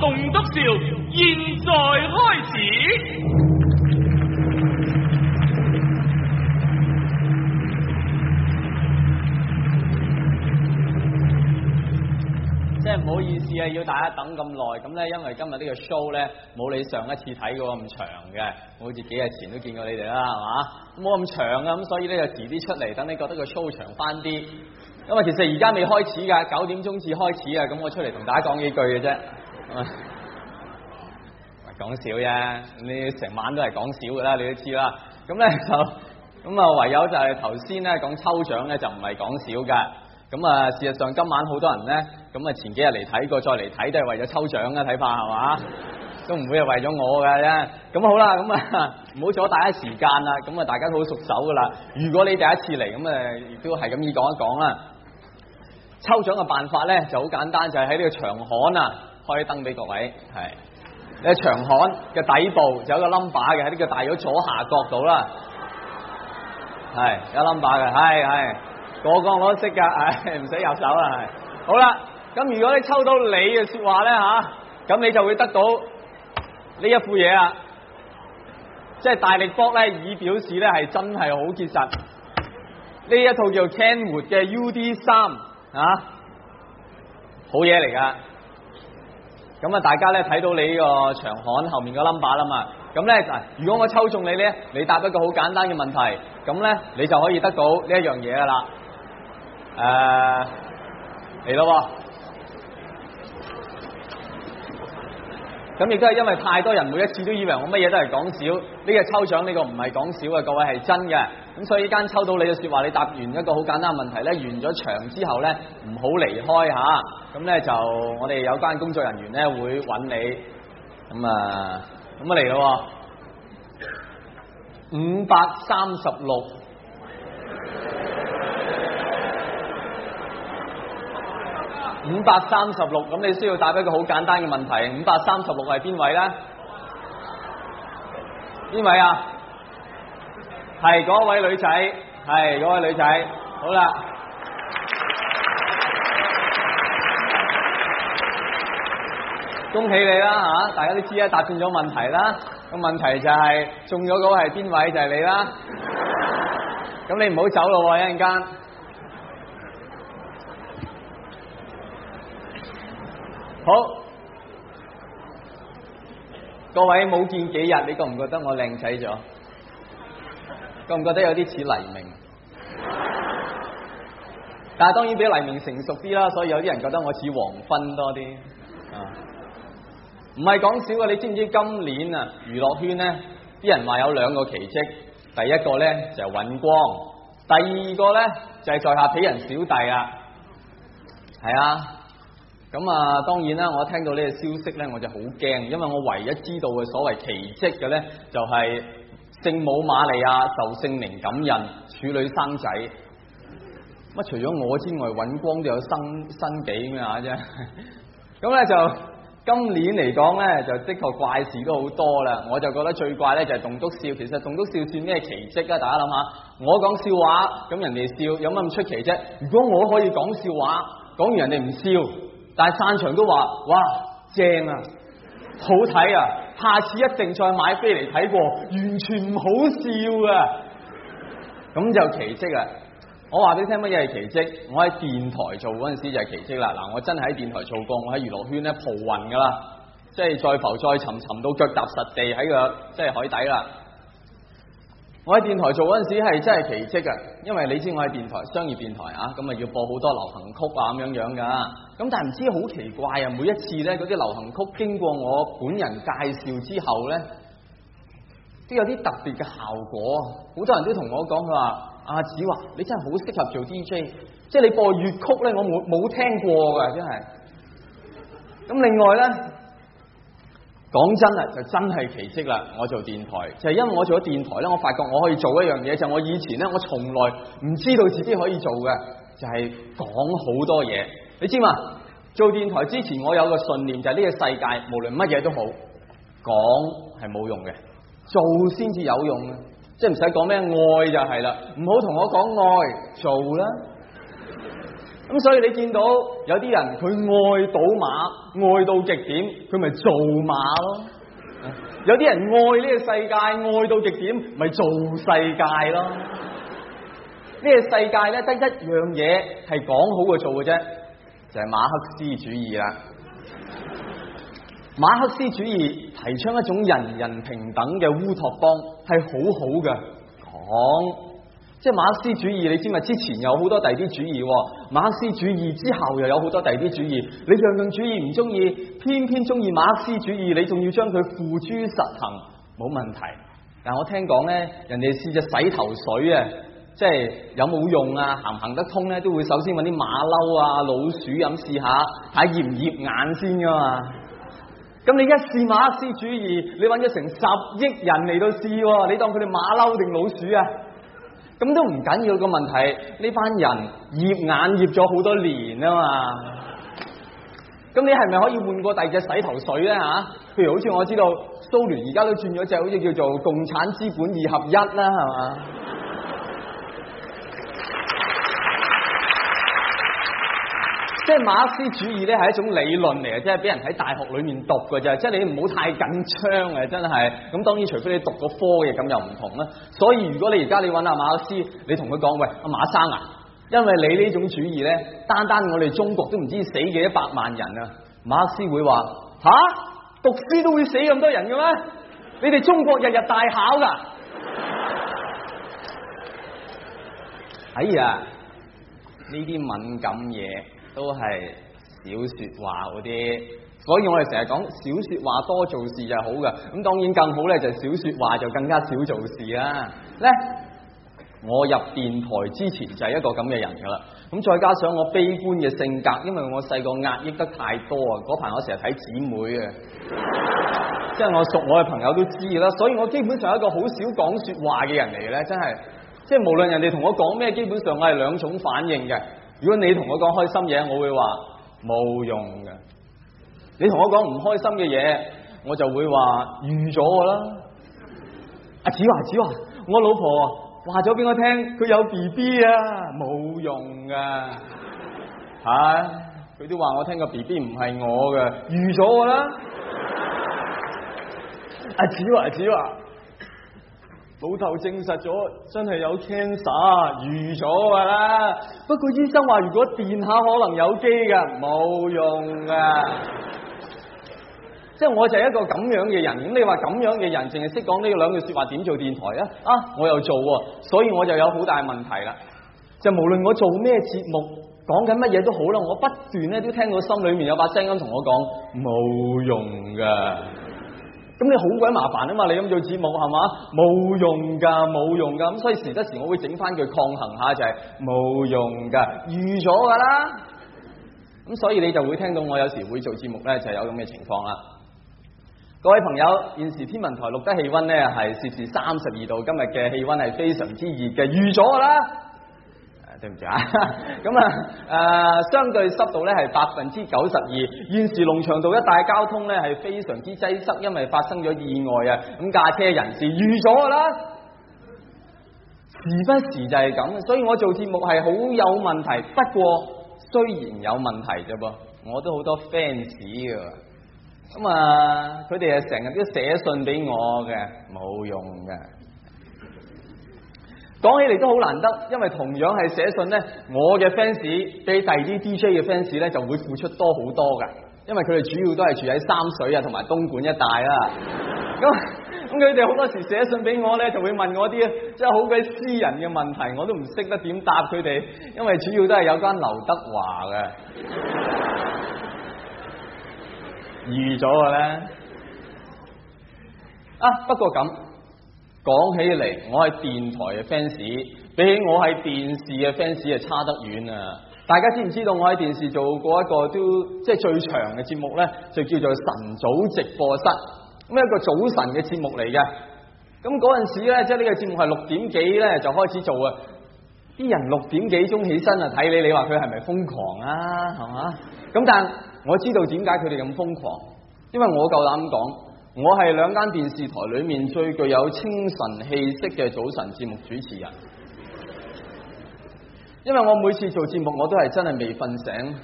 棟篤笑，現在開始。即係唔好意思啊，要大家等咁耐。咁咧，因為今日呢個 show 咧，冇你上一次睇過咁長嘅。我好似幾日前都見過你哋啦，係嘛？冇咁長啊，咁所以咧就遲啲出嚟，等你覺得個 show 長翻啲。因為其實而家未開始㗎，九點鐘至開始啊。咁我出嚟同大家講幾句嘅啫。講少啫，你成晚都係講少噶啦，你都知啦。咁咧就咁啊，唯有就係頭先咧講抽獎咧就唔係講少噶。咁啊，事實上今晚好多人咧，咁啊前幾日嚟睇過，再嚟睇都係為咗抽獎啊。睇怕係嘛？ 都唔會係為咗我噶啫。咁好啦，咁啊唔好阻大家時間啦，咁啊大家好熟手噶啦。如果你第一次嚟，咁啊亦都係咁易講一講啦。抽獎嘅辦法咧就好簡單，就係喺呢個長刊啊。開燈俾各位，係喺長巷嘅底部，有一個 number 嘅喺呢個大咗左下角度啦，係有 number 嘅，係係個個我都識噶，唉唔使入手啦，係好啦，咁如果你抽到你嘅說話咧吓，咁你就會得到呢一副嘢啊，即係大力膊咧，以表示咧係真係好結實，呢一套叫 Kenwood 嘅 U D 三啊，好嘢嚟噶。咁啊，大家咧睇到你呢個長巷後面個 number 啦嘛，咁咧，嗱，如果我抽中你咧，你答一個好簡單嘅問題，咁咧，你就可以得到呢一樣嘢噶啦，誒、啊，嚟咯，咁亦都係因為太多人每一次都以為我乜嘢都係講笑。呢個抽獎呢個唔係講少嘅，各位係真嘅，咁所以依間抽到你嘅說話，你答完一個好簡單嘅問題咧，完咗場之後咧，唔好離開吓，咁咧就我哋有關工作人員咧會揾你，咁啊咁啊嚟咯，五百三十六，五百三十六，咁你需要答一個好簡單嘅問題，五百三十六係邊位咧？邊位啊？係嗰位女仔，係嗰位女仔，好啦，恭喜你啦吓！大家都知啦，答中咗問題啦。個問題就係中咗嗰位係邊位，就係你啦。咁你唔好走咯，一陣間。好。各位冇見幾日，你覺唔覺得我靚仔咗？覺唔覺得有啲似黎明？ 但係當然比黎明成熟啲啦，所以有啲人覺得我似黃昏多啲。唔係講笑啊笑！你知唔知今年啊，娛樂圈咧，啲人話有兩個奇迹，第一個咧就係、是、尹光，第二個咧就係、是、在下鄙人小弟啊，係啊。咁啊，當然啦！我聽到呢個消息呢，我就好驚，因為我唯一知道嘅所謂奇蹟嘅呢，就係聖母瑪利亞受聖靈感孕，處女生仔。乜除咗我之外，尹光都有生生幾咩啫？咁 呢，就今年嚟講呢，就的確怪事都好多啦。我就覺得最怪呢，就係棟篤笑。其實棟篤笑算咩奇蹟啊？大家諗下，我講笑話咁人哋笑，有乜咁出奇啫？如果我可以講笑話，講完人哋唔笑，但係散場都話，哇，正啊，好睇啊，下次一定再買飛嚟睇過，完全唔好笑啊，咁就奇蹟啊！我話俾你聽乜嘢係奇蹟？我喺電台做嗰陣時就係奇蹟啦！嗱，我真係喺電台做工，我喺娛樂圈咧蒲暈噶啦，即係再浮再沉，沉到腳踏實地喺個即係海底啦。我喺電台做嗰陣時係真係奇迹啊！因為你知我喺電台商業電台啊，咁啊要播好多流行曲啊咁樣樣噶，咁但係唔知好奇怪啊！每一次咧嗰啲流行曲經過我本人介紹之後咧，都有啲特別嘅效果，好多人都同我講佢話阿子華你真係好適合做 DJ，即係你播粵曲咧我冇冇聽過嘅，真係。咁另外咧。講真啦，就真係奇迹啦！我做電台就係因為我做咗電台咧，我發覺我可以做一樣嘢，就我以前呢，我從來唔知道自己可以做嘅，就係講好多嘢。你知嘛？做電台之前，我有個信念就係呢個世界無論乜嘢都好，講係冇用嘅，做先至有用嘅。即係唔使講咩愛就係啦，唔好同我講愛，做啦。咁所以你見到有啲人佢愛賭馬，愛到極點，佢咪做馬咯？有啲人愛呢個世界愛到極點咪做世界咯？呢個世界咧得一樣嘢係講好嘅做嘅啫，就係馬克思主義啦。馬克思主義提倡一種人人平等嘅烏托邦，係好好嘅講。即係馬克思主義，你知咪？之前有好多第二啲主義，啊，馬克思主義之後又有好多第二啲主義。你樣樣主義唔中意，偏偏中意馬克思主義，你仲要將佢付諸實行，冇問題。但我聽講咧，人哋試隻洗頭水啊，即係有冇用啊，行唔行得通咧，都會首先搵啲馬騮啊、老鼠咁試下，睇熱唔熱眼先噶嘛。咁你一試馬克思主義，你搵咗成十億人嚟到試，你當佢哋馬騮定老鼠啊？咁都唔緊要個問題，呢班人醃眼醃咗好多年啊嘛，咁你係咪可以換過第二隻洗頭水咧？吓，啊，譬如好似我知道蘇聯而家都轉咗隻好似叫做共產資本二合一啦，係嘛？即係馬克思主義咧，係一種理論嚟嘅，即係俾人喺大學裏面讀嘅啫。即係你唔好太緊張啊，真係。咁當然，除非你讀個科嘅，咁又唔同啦。所以如果你而家你搵阿馬克思，你同佢講，喂，阿馬生啊，因為你呢種主義咧，單單我哋中國都唔知死幾多百萬人啊。馬克思會話：吓，讀書都會死咁多人嘅咩？你哋中國日日大考噶？哎呀，呢啲敏感嘢。都係少說話嗰啲，所以我哋成日講少說話多做事就好噶，咁當然更好咧，就少說話就更加少做事啦。咧，我入電台之前就係一個咁嘅人噶啦，咁再加上我悲觀嘅性格，因為我細個壓抑得太多啊，嗰排我成日睇姊妹啊，即係我熟我嘅朋友都知啦，所以我基本上係一個好少講說話嘅人嚟嘅咧，真係，即係無論人哋同我講咩，基本上我係兩種反應嘅。如果你同我講開心嘢，我會話冇用噶；你同我講唔開心嘅嘢，我就會話預咗我啦。阿子華，子華，我老婆話咗俾我聽，佢有 B B 啊，冇用噶。吓、啊，佢都話我聽個 B B 唔係我嘅，預咗我啦。阿子華，子華。子華老頭證實咗，真係有 cancer 預咗㗎啦。不過醫生話，如果電下可能有機㗎，冇用㗎。 即係我就係一個咁樣嘅人。咁你話咁樣嘅人，淨係識講呢兩句說話，點做電台啊？啊，我又做喎，啊，所以我就有好大問題啦。就無論我做咩節目，講緊乜嘢都好啦，我不斷咧都聽到心裏面有把聲音同我講，冇用㗎。咁你好鬼麻煩啊嘛，你咁做節目係嘛？冇用噶，冇用噶，咁所以時不時我會整翻句抗衡下，就係、是、冇用噶，預咗噶啦。咁所以你就會聽到我有時會做節目咧，就係有咁嘅情況啦。各位朋友，現時天文台錄得氣温咧係攝氏三十二度，今日嘅氣温係非常之熱嘅，預咗噶啦。對唔住啊，咁 啊誒、啊，相對濕度咧係百分之九十二，現時農場道一帶交通咧係非常之擠塞，因為發生咗意外啊，咁駕車人士預咗噶啦，時不時就係咁，所以我做節目係好有問題，不過雖然有問題啫噃，我都好多 fans 噶，咁啊，佢哋啊成日都寫信俾我嘅，冇用嘅。講起嚟都好難得，因為同樣係寫信呢，我嘅 fans 比第二啲 DJ 嘅 fans 呢就會付出多好多噶因為佢哋主要都係住喺三水啊，同埋東莞一帶啦、啊。咁咁佢哋好多時寫信俾我呢，就會問我啲即係好鬼私人嘅問題，我都唔識得點答佢哋，因為主要都係有關劉德華嘅。預咗嘅咧，啊不過咁。講起嚟，我係電台嘅 fans，比起我喺電視嘅 fans 啊差得遠啊！大家知唔知道我喺電視做過一個都即係最長嘅節目呢，就叫做晨早直播室，咁一個早晨嘅節目嚟嘅。咁嗰陣時咧，即係呢個節目係六點幾呢，就開始做啊！啲人六點幾鐘起身啊睇你，你話佢係咪瘋狂啊？係嘛？咁但我知道點解佢哋咁瘋狂，因為我夠膽咁講。我係兩間電視台裏面最具有清晨氣息嘅早晨節目主持人，因為我每次做節目我都係真係未瞓醒，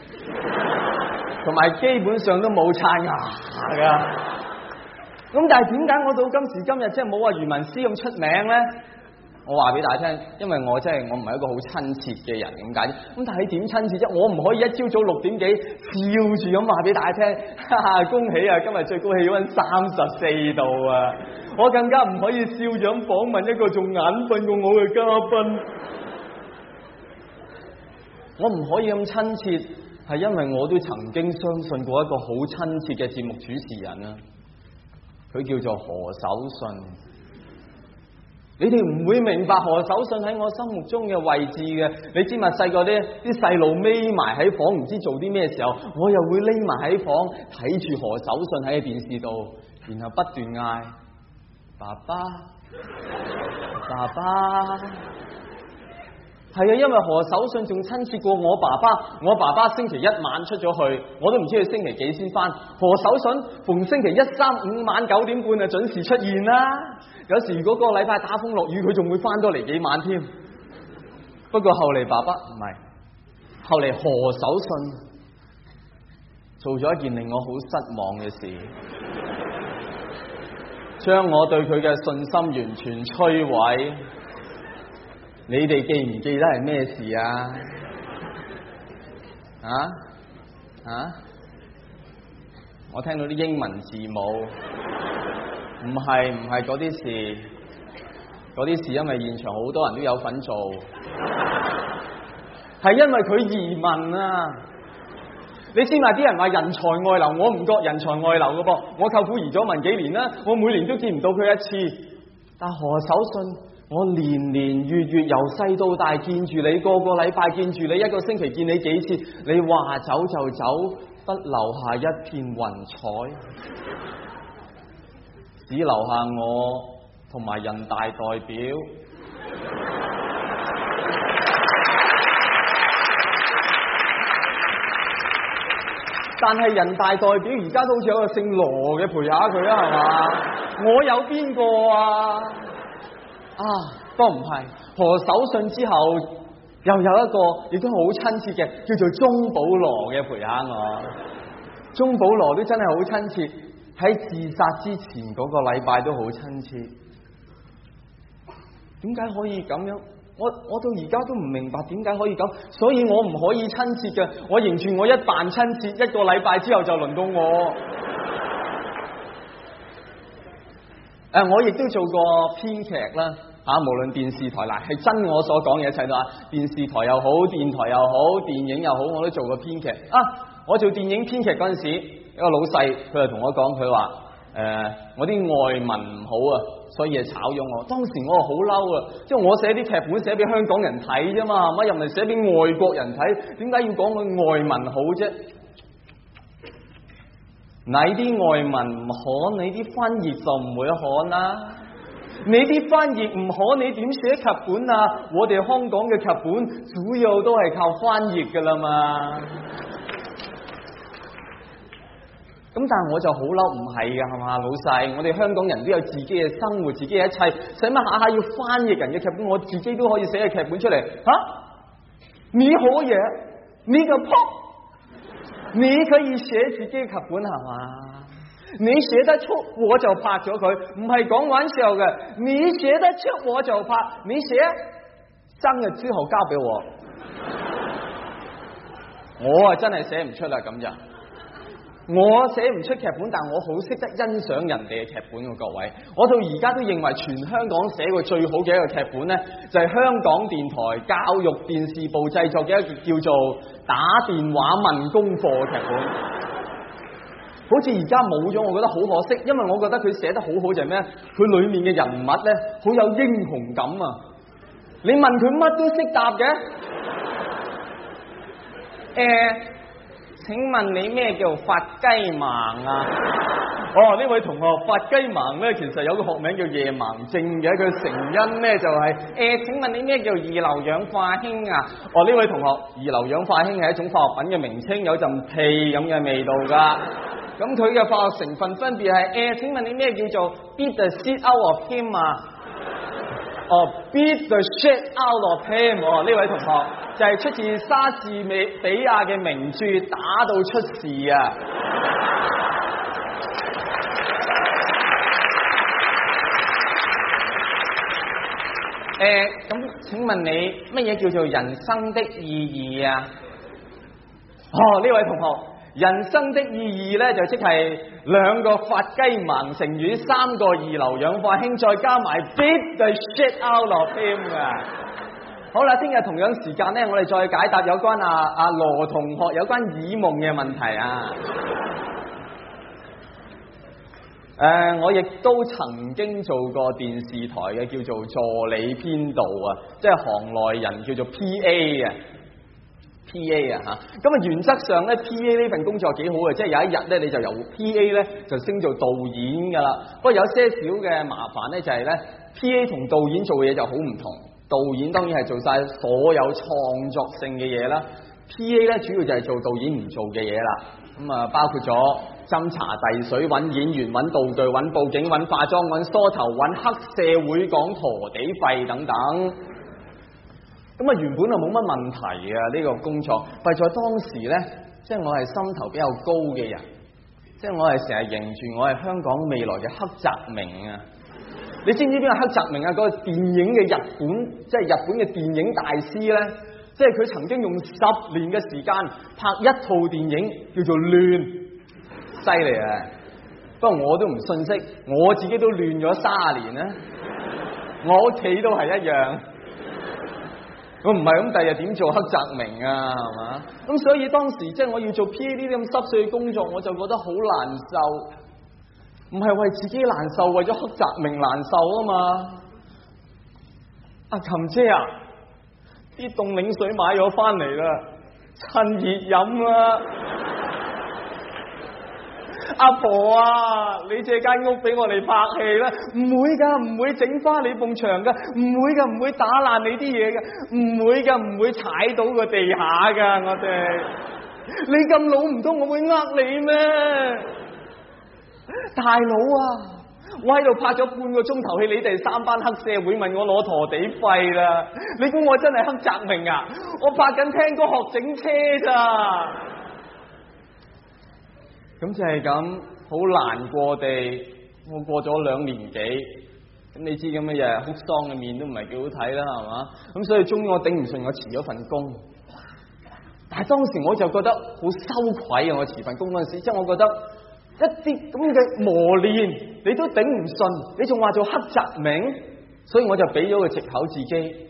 同埋基本上都冇刷牙噶，咁但係點解我到今時今日即係冇話余文詩咁出名呢？我話俾大家聽，因為我真係我唔係一個好親切嘅人咁解。咁但係點親切啫？我唔可以一朝早六點幾笑住咁話俾大家聽哈哈，恭喜啊！今日最高氣溫三十四度啊！我更加唔可以笑樣訪問一個仲眼瞓過我嘅嘉賓。我唔可以咁親切，係因為我都曾經相信過一個好親切嘅節目主持人啊！佢叫做何守信。你哋唔會明白何守信喺我心目中嘅位置嘅。你知嘛，細個啲啲細路匿埋喺房，唔知做啲咩時候，我又會匿埋喺房睇住何守信喺電視度，然後不斷嗌爸爸，爸爸。係啊，因為何守信仲親切過我爸爸。我爸爸星期一晚出咗去，我都唔知佢星期幾先返。何守信逢星期一三五晚九點半就準時出現啦。有時如果個禮拜打風落雨，佢仲會翻多嚟幾晚添。不過後嚟爸爸唔係，後嚟何守信做咗一件令我好失望嘅事，將我對佢嘅信心完全摧毀。你哋記唔記得係咩事啊？啊啊！我聽到啲英文字母。唔係唔係嗰啲事。嗰啲事，因為現場好多人都有份做，係 因為佢移民啊！你知唔知啲人話人才外流，我唔覺人才外流嘅噃，我舅父移咗民幾年啦，我每年都見唔到佢一次，但何守信，我年年月月由細到大見住你，個個禮拜見住你，一個星期見你幾次，你話走就走，不留下一片雲彩。只留下我同埋人大代表，但係人大代表而家都好似有個姓羅嘅陪下佢啊，係嘛？我有邊個啊？啊，都唔係，何守信之後又有一個亦都好親切嘅，叫做鍾保羅嘅陪下我，鍾保羅都真係好親切。喺自殺之前嗰個禮拜都好親切，點解可以咁樣？我我到而家都唔明白點解可以咁，所以我唔可以親切嘅。我仍住我一扮親切，一個禮拜之後就輪到我。誒、 啊，我亦都做過編劇啦，吓、啊，無論電視台啦係真我所講嘅一切都係，電視台又好，電台又好，電影又好，我都做過編劇啊。我做電影編劇嗰陣時。一個老細，佢就同我講，佢話：誒、呃，我啲外文唔好啊，所以係炒咗我。當時我啊好嬲啊，即係我寫啲劇本寫俾香港人睇啫嘛，唔係又唔係寫俾外國人睇，點解要講佢外文好啫？你啲外文唔好，你啲翻譯就唔會好啦。你啲翻譯唔好，你點寫劇本啊？我哋香港嘅劇本主要都係靠翻譯噶啦嘛。咁但係我就好嬲，唔係嘅係嘛，老細，我哋香港人都有自己嘅生活，自己嘅一切，使乜下下要翻譯人嘅劇本？我自己都可以寫嘅劇本出嚟，吓、啊？你好嘢，你就撲，你可以寫自己嘅劇本係嘛？你寫得出我就拍咗佢，唔係講玩笑嘅。你寫得出我就拍，你寫，三日之後交俾我，我啊真係寫唔出啦，咁就。我寫唔出劇本，但我好識得欣賞人哋嘅劇本嘅各位，我到而家都認為全香港寫過最好嘅一個劇本呢，就係香港電台教育電視部製作嘅一個叫做《打電話問功課》嘅劇本，好似而家冇咗，我覺得好可惜，因為我覺得佢寫得好好就係咩？佢裏面嘅人物呢，好有英雄感啊！你問佢乜都識答嘅，欸。請問你咩叫發雞盲啊？哦，呢位同學發雞盲咧，其實有個學名叫夜盲症嘅，佢成因咩就係、是、誒？請問你咩叫二硫氧化氫啊？哦，呢位同學二硫氧化氫係一種化學品嘅名稱，有陣屁咁嘅味道噶。咁佢嘅化學成分分別係誒？請問你咩叫做 beat the shit out of him 啊？哦，beat the shit out of him 呢、哦、呢位同學。就係、是、出自莎士比亞嘅名著《打到出事》啊！誒、 欸，咁請問你乜嘢叫做人生的意義啊？哦，呢位同學，人生的意義咧就即係兩個發雞盲成語，三個二硫氧化氫，再加埋 beat the shit out of him 啊！好啦，聽日同樣時間咧，我哋再解答有關阿阿羅同學有關耳夢嘅問題啊。誒、呃，我亦都曾經做過電視台嘅叫做助理編導啊，即係行內人叫做 P A 啊，P A 啊吓。咁啊，原則上咧，P A 呢 PA 份工作幾好嘅，即係有一日咧，你就由 P A 咧就升做導演噶啦。不過有些少嘅麻煩咧，就係、是、咧，P A 同導演做嘢就好唔同。導演當然係做晒所有創作性嘅嘢啦，P A 咧主要就係做導演唔做嘅嘢啦，咁啊包括咗斟茶遞水、揾演員、揾道具、揾布景、揾化妝、揾梳頭、揾黑社會講陀地費等等。咁啊原本就冇乜問題啊呢個工作，弊在當時咧，即係我係心頭比較高嘅人，即係我係成日認住我係香港未來嘅黑澤明啊。你知唔知邊個黑澤明啊？嗰個電影嘅日本，即係日本嘅電影大師咧，即係佢曾經用十年嘅時間拍一套電影，叫做《亂》，犀利啊！不過我都唔信息，我自己都亂咗卅年啦，我屋企都係一樣，我唔係咁，第日點做黑澤明啊？係嘛？咁所以當時即係我要做 PA 呢啲咁濕碎嘅工作，我就覺得好難受。唔係為自己難受，為咗黑澤明難受啊嘛！阿琴姐啊，啲凍檸水買咗翻嚟啦，趁熱飲啦！ 阿婆啊，你借間屋俾我哋拍戲啦，唔會噶，唔會整返你埲牆噶，唔會噶，唔會打爛你啲嘢噶，唔會噶，唔會踩到個地下噶，我哋，你咁老唔通我會呃你咩？大佬啊，我喺度拍咗半個鐘頭戲，你哋三班黑社會問我攞陀地費啦！你估我真係黑澤明啊？我拍緊聽歌學整車咋？咁 就係咁，好難過地，我過咗兩年幾，咁你知咁嘅嘢哭喪嘅面都唔係幾好睇啦，係嘛？咁所以終於我頂唔順，我辭咗份工。但係當時我就覺得好羞愧啊！我辭份工嗰陣時，即係我覺得。一啲咁嘅磨練，你都頂唔順，你仲話做黑澤明，所以我就俾咗個藉口自己，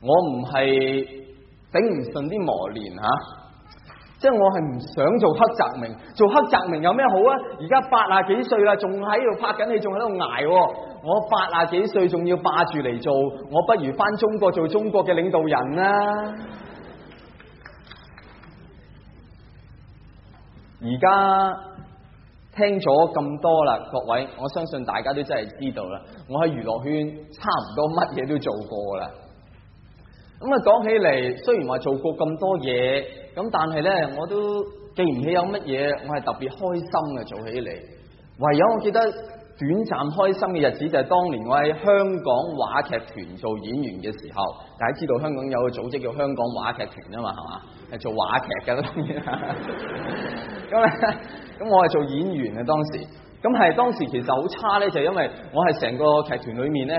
我唔係頂唔順啲磨練吓，即係，啊，即係，我係唔想做黑澤明，做黑澤明有咩好啊？而家八啊幾歲啦，仲喺度拍緊戲，仲喺度挨，我八啊幾歲仲要霸住嚟做，我不如翻中國做中國嘅領導人啦，啊，而家。聽咗咁多啦，各位，我相信大家都真係知道啦。我喺娛樂圈差唔多乜嘢都做過啦。咁啊，講起嚟，雖然話做過咁多嘢，咁但係呢，我都記唔起有乜嘢我係特別開心嘅做起嚟。唯有我記得短暫開心嘅日子就係當年我喺香港話劇團做演員嘅時候。大家知道香港有個組織叫香港話劇團啊嘛，係嘛，係做話劇嘅啦，當然。咁啊。咁我係做演員嘅，當時咁係當時其實好差咧，就係因為我係成個劇團裏面咧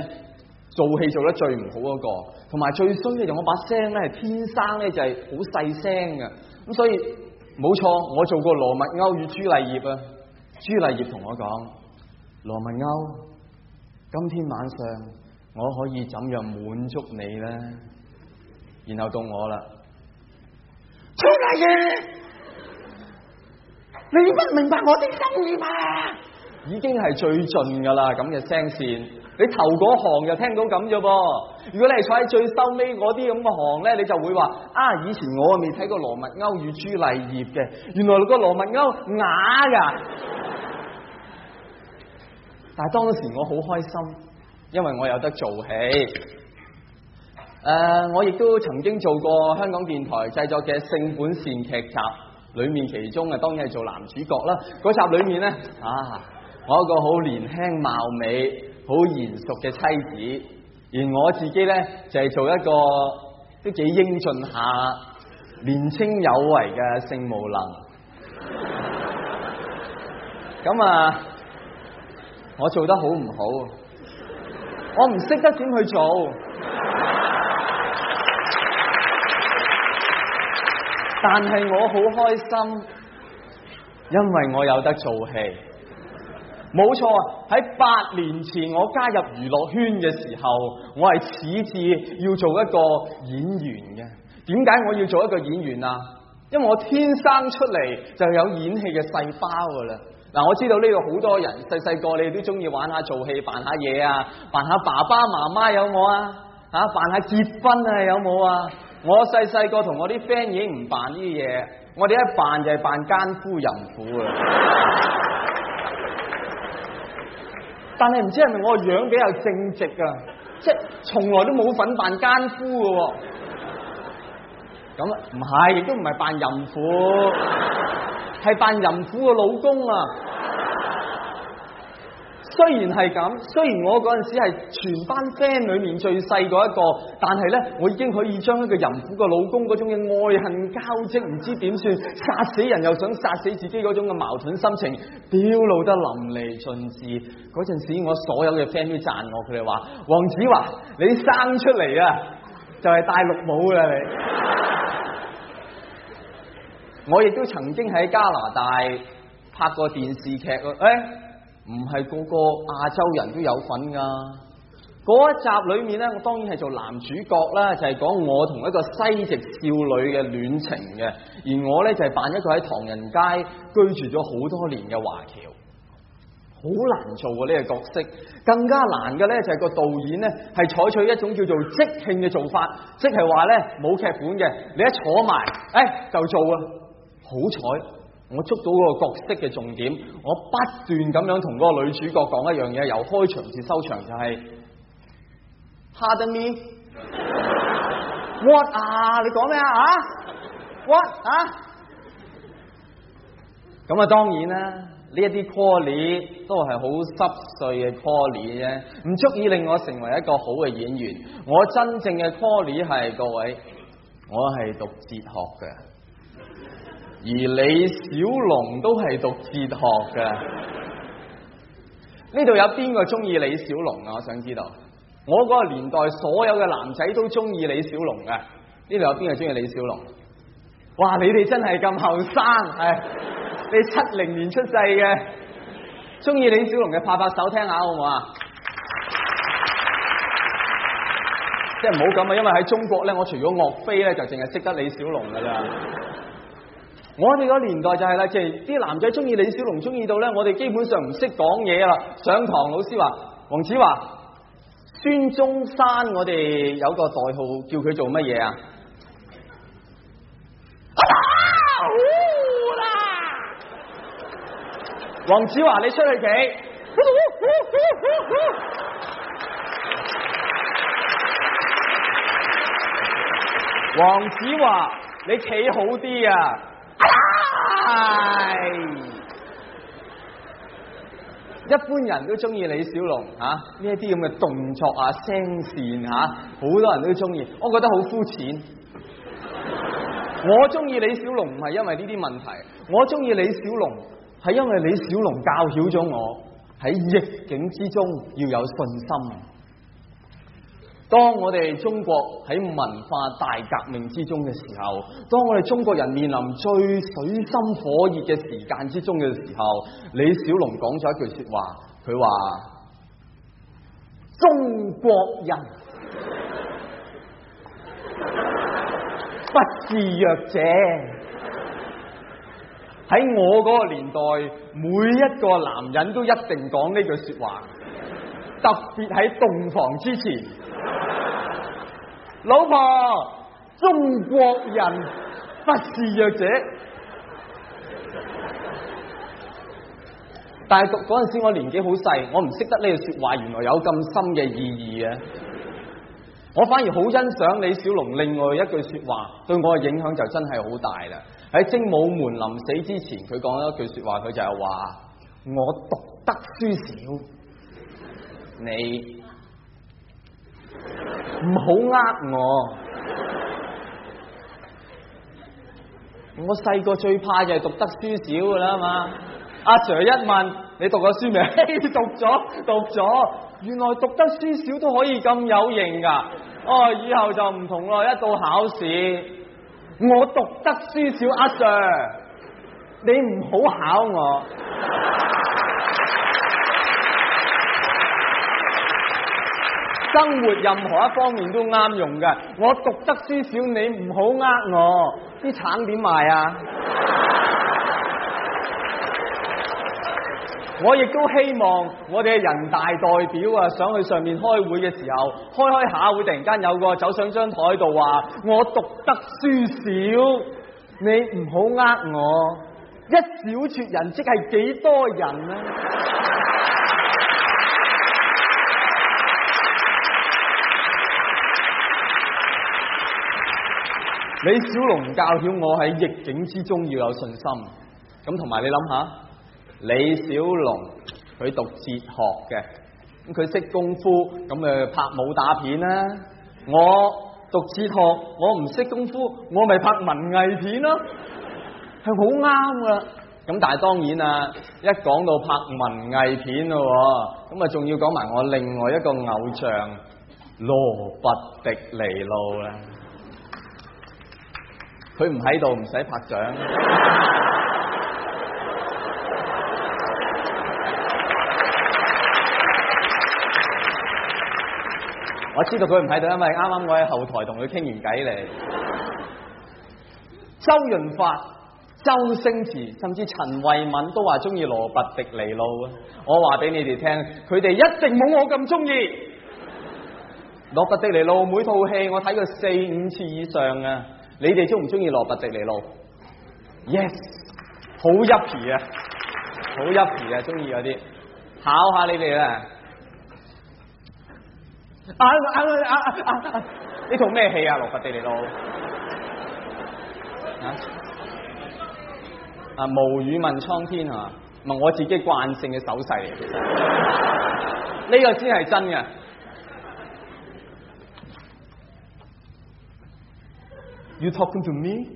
做戲做得最唔好嗰個，同埋最衰嘅就我把聲咧係天生咧就係好細聲嘅，咁所以冇錯我做過羅密歐與朱麗葉啊，朱麗葉同我講羅密歐，今天晚上我可以怎樣滿足你咧？然後到我啦，朱麗葉。你不明白我的心意嘛？已經係最盡噶啦，咁嘅聲線。你投頭嗰行又聽到咁啫噃。如果你係坐喺最收尾嗰啲咁嘅行咧，你就會話：啊，以前我未睇過羅密歐與朱麗葉嘅，原來個羅密歐啞噶。但係當時我好開心，因為我有得做戲。誒、呃，我亦都曾經做過香港電台製作嘅聖本善劇集。裏面其中啊，當然係做男主角啦。嗰集裏面呢，啊，我一個好年輕貌美、好賢淑嘅妻子，而我自己呢，就係做一個都幾英俊下、年青有為嘅性無能。咁 啊，我做得好唔好？我唔識得點去做。但係我好開心，因為我有得做戲。冇錯，喺八年前我加入娛樂圈嘅時候，我係始至要做一個演員嘅。點解我要做一個演員啊？因為我天生出嚟就有演戲嘅細胞噶啦。嗱，我知道呢度好多人細細個你都中意玩下做戲、扮下嘢啊，扮下爸爸媽媽有冇啊？吓，扮下結婚啊有冇啊？我細細個同我啲 friend 已經唔扮呢啲嘢，我哋一扮就係扮奸夫淫婦啊！但係唔知係咪我個樣比較正直啊？即係從來都冇份扮奸夫噶，咁啊，唔係亦都唔係扮淫婦，係扮淫婦個老公啊！雖然係咁，雖然我嗰陣時係全班 friend 裏面最細嗰一個，但係呢，我已經可以將一個淫婦個老公嗰種嘅愛恨交織，唔知點算，殺死人又想殺死自己嗰種嘅矛盾心情，表露得淋漓盡致。嗰陣時我所有嘅 friend 都讚我，佢哋話：黃子華，你生出嚟啊，就係戴綠帽㗎你。我亦都曾經喺加拿大拍過電視劇誒。欸唔係個個亞洲人都有份噶。嗰一集裏面咧，我當然係做男主角啦，就係、是、講我同一個西籍少女嘅戀情嘅。而我呢，就係、是、扮一個喺唐人街居住咗好多年嘅華僑，好難做喎，呢、這個角色更加難嘅呢，就係個導演呢，係採取一種叫做即興嘅做法，即係話呢，冇劇本嘅，你一坐埋，誒、哎、就做啊！好彩。我捉到嗰個角色嘅重點，我不斷咁樣同嗰個女主角講一樣嘢，由開場至收場就係 Pardon me what 啊？你講咩啊？what 啊？咁啊，當然啦，呢一啲 callie 都係好濕碎嘅 callie 啫，唔足以令我成為一個好嘅演員。我真正嘅 callie 係各位，我係讀哲學嘅。而李小龍都係讀哲學嘅，呢度有邊個中意李小龍啊？我想知道，我嗰個年代所有嘅男仔都中意李小龍嘅，呢度有邊個中意李小龍？哇！你哋真係咁後生，係、哎、你七零年出世嘅，中意李小龍嘅拍拍手聽下好唔好啊？即係唔好咁啊！因為喺中國咧，我除咗岳飛咧，就淨係識得李小龍噶啦。我哋你嗰年代就係、是、啦，即係啲男仔中意李小龍，中意到咧，我哋基本上唔識講嘢啦。上堂老師話：黃子華、孫中山，我哋有個代號，叫佢做乜嘢啊？黃子華，你出去企。黃 子華，你企好啲啊！一般人都中意李小龍啊，呢啲咁嘅動作啊、聲線吓、啊，好多人都中意。我覺得好膚淺。 我中意李小龍唔係因為呢啲問題，我中意李小龍係因為李小龍教曉咗我喺逆境之中要有信心。當我哋中國喺文化大革命之中嘅時候，當我哋中國人面臨最水深火熱嘅時間之中嘅時候，李小龍講咗一句說話，佢話：中國人不自弱者。喺我嗰個年代，每一個男人都一定講呢句說話，特別喺洞房之前。老婆，中國人不是弱者。但係讀嗰陣時，我年紀好細，我唔識得呢句說話，原來有咁深嘅意義嘅。我反而好欣賞李小龍另外一句說話，對我嘅影響就真係好大啦。喺《精武門》臨死之前，佢講咗一句說話，佢就係話：我讀得書少，你。唔好呃我，我細個最怕就係讀得書少噶啦嘛，阿 Sir 一問你讀過書未？ 讀咗，讀咗，原來讀得書少都可以咁有型噶，哦，以後就唔同咯，一到考試我讀得書少，阿 Sir，你唔好考我。 生活任何一方面都啱用嘅，我讀得書少，你唔好呃我。啲橙點賣啊？ 我亦都希望我哋嘅人大代表啊，想去上面開會嘅時候，開開下會，突然間有個走上張台度話，我讀得書少，你唔好呃我。一小撮人即係幾多人啊？ 李小龍教曉我喺逆境之中要有信心，咁同埋你諗下，李小龍佢讀哲學嘅，咁佢識功夫，咁咪拍武打片啦、啊。我讀哲學，我唔識功夫，我咪拍文藝片咯、啊，係好啱噶。咁但係當然啊，一講到拍文藝片咯，咁啊仲要講埋我另外一個偶像羅拔迪尼路啦。佢唔喺度，唔使拍掌。 我知道佢唔喺度，因為啱啱我喺後台同佢傾完偈嚟。 周潤發、周星馳，甚至陳慧敏都話中意羅拔迪尼路。我話俾你哋聽，佢哋一定冇我咁中意。羅拔迪尼路每套戲我睇過四五次以上啊！你哋中唔中意《蘿卜地尼路》？Yes，好 happy 啊，好 happy 啊，中意嗰啲。考下你哋啊！啊！呢套咩戲啊？啊《蘿卜地尼路》啊啊？無語問蒼天啊！唔係我自己慣性嘅手勢嚟，其實 呢個先係真嘅。You talking to me?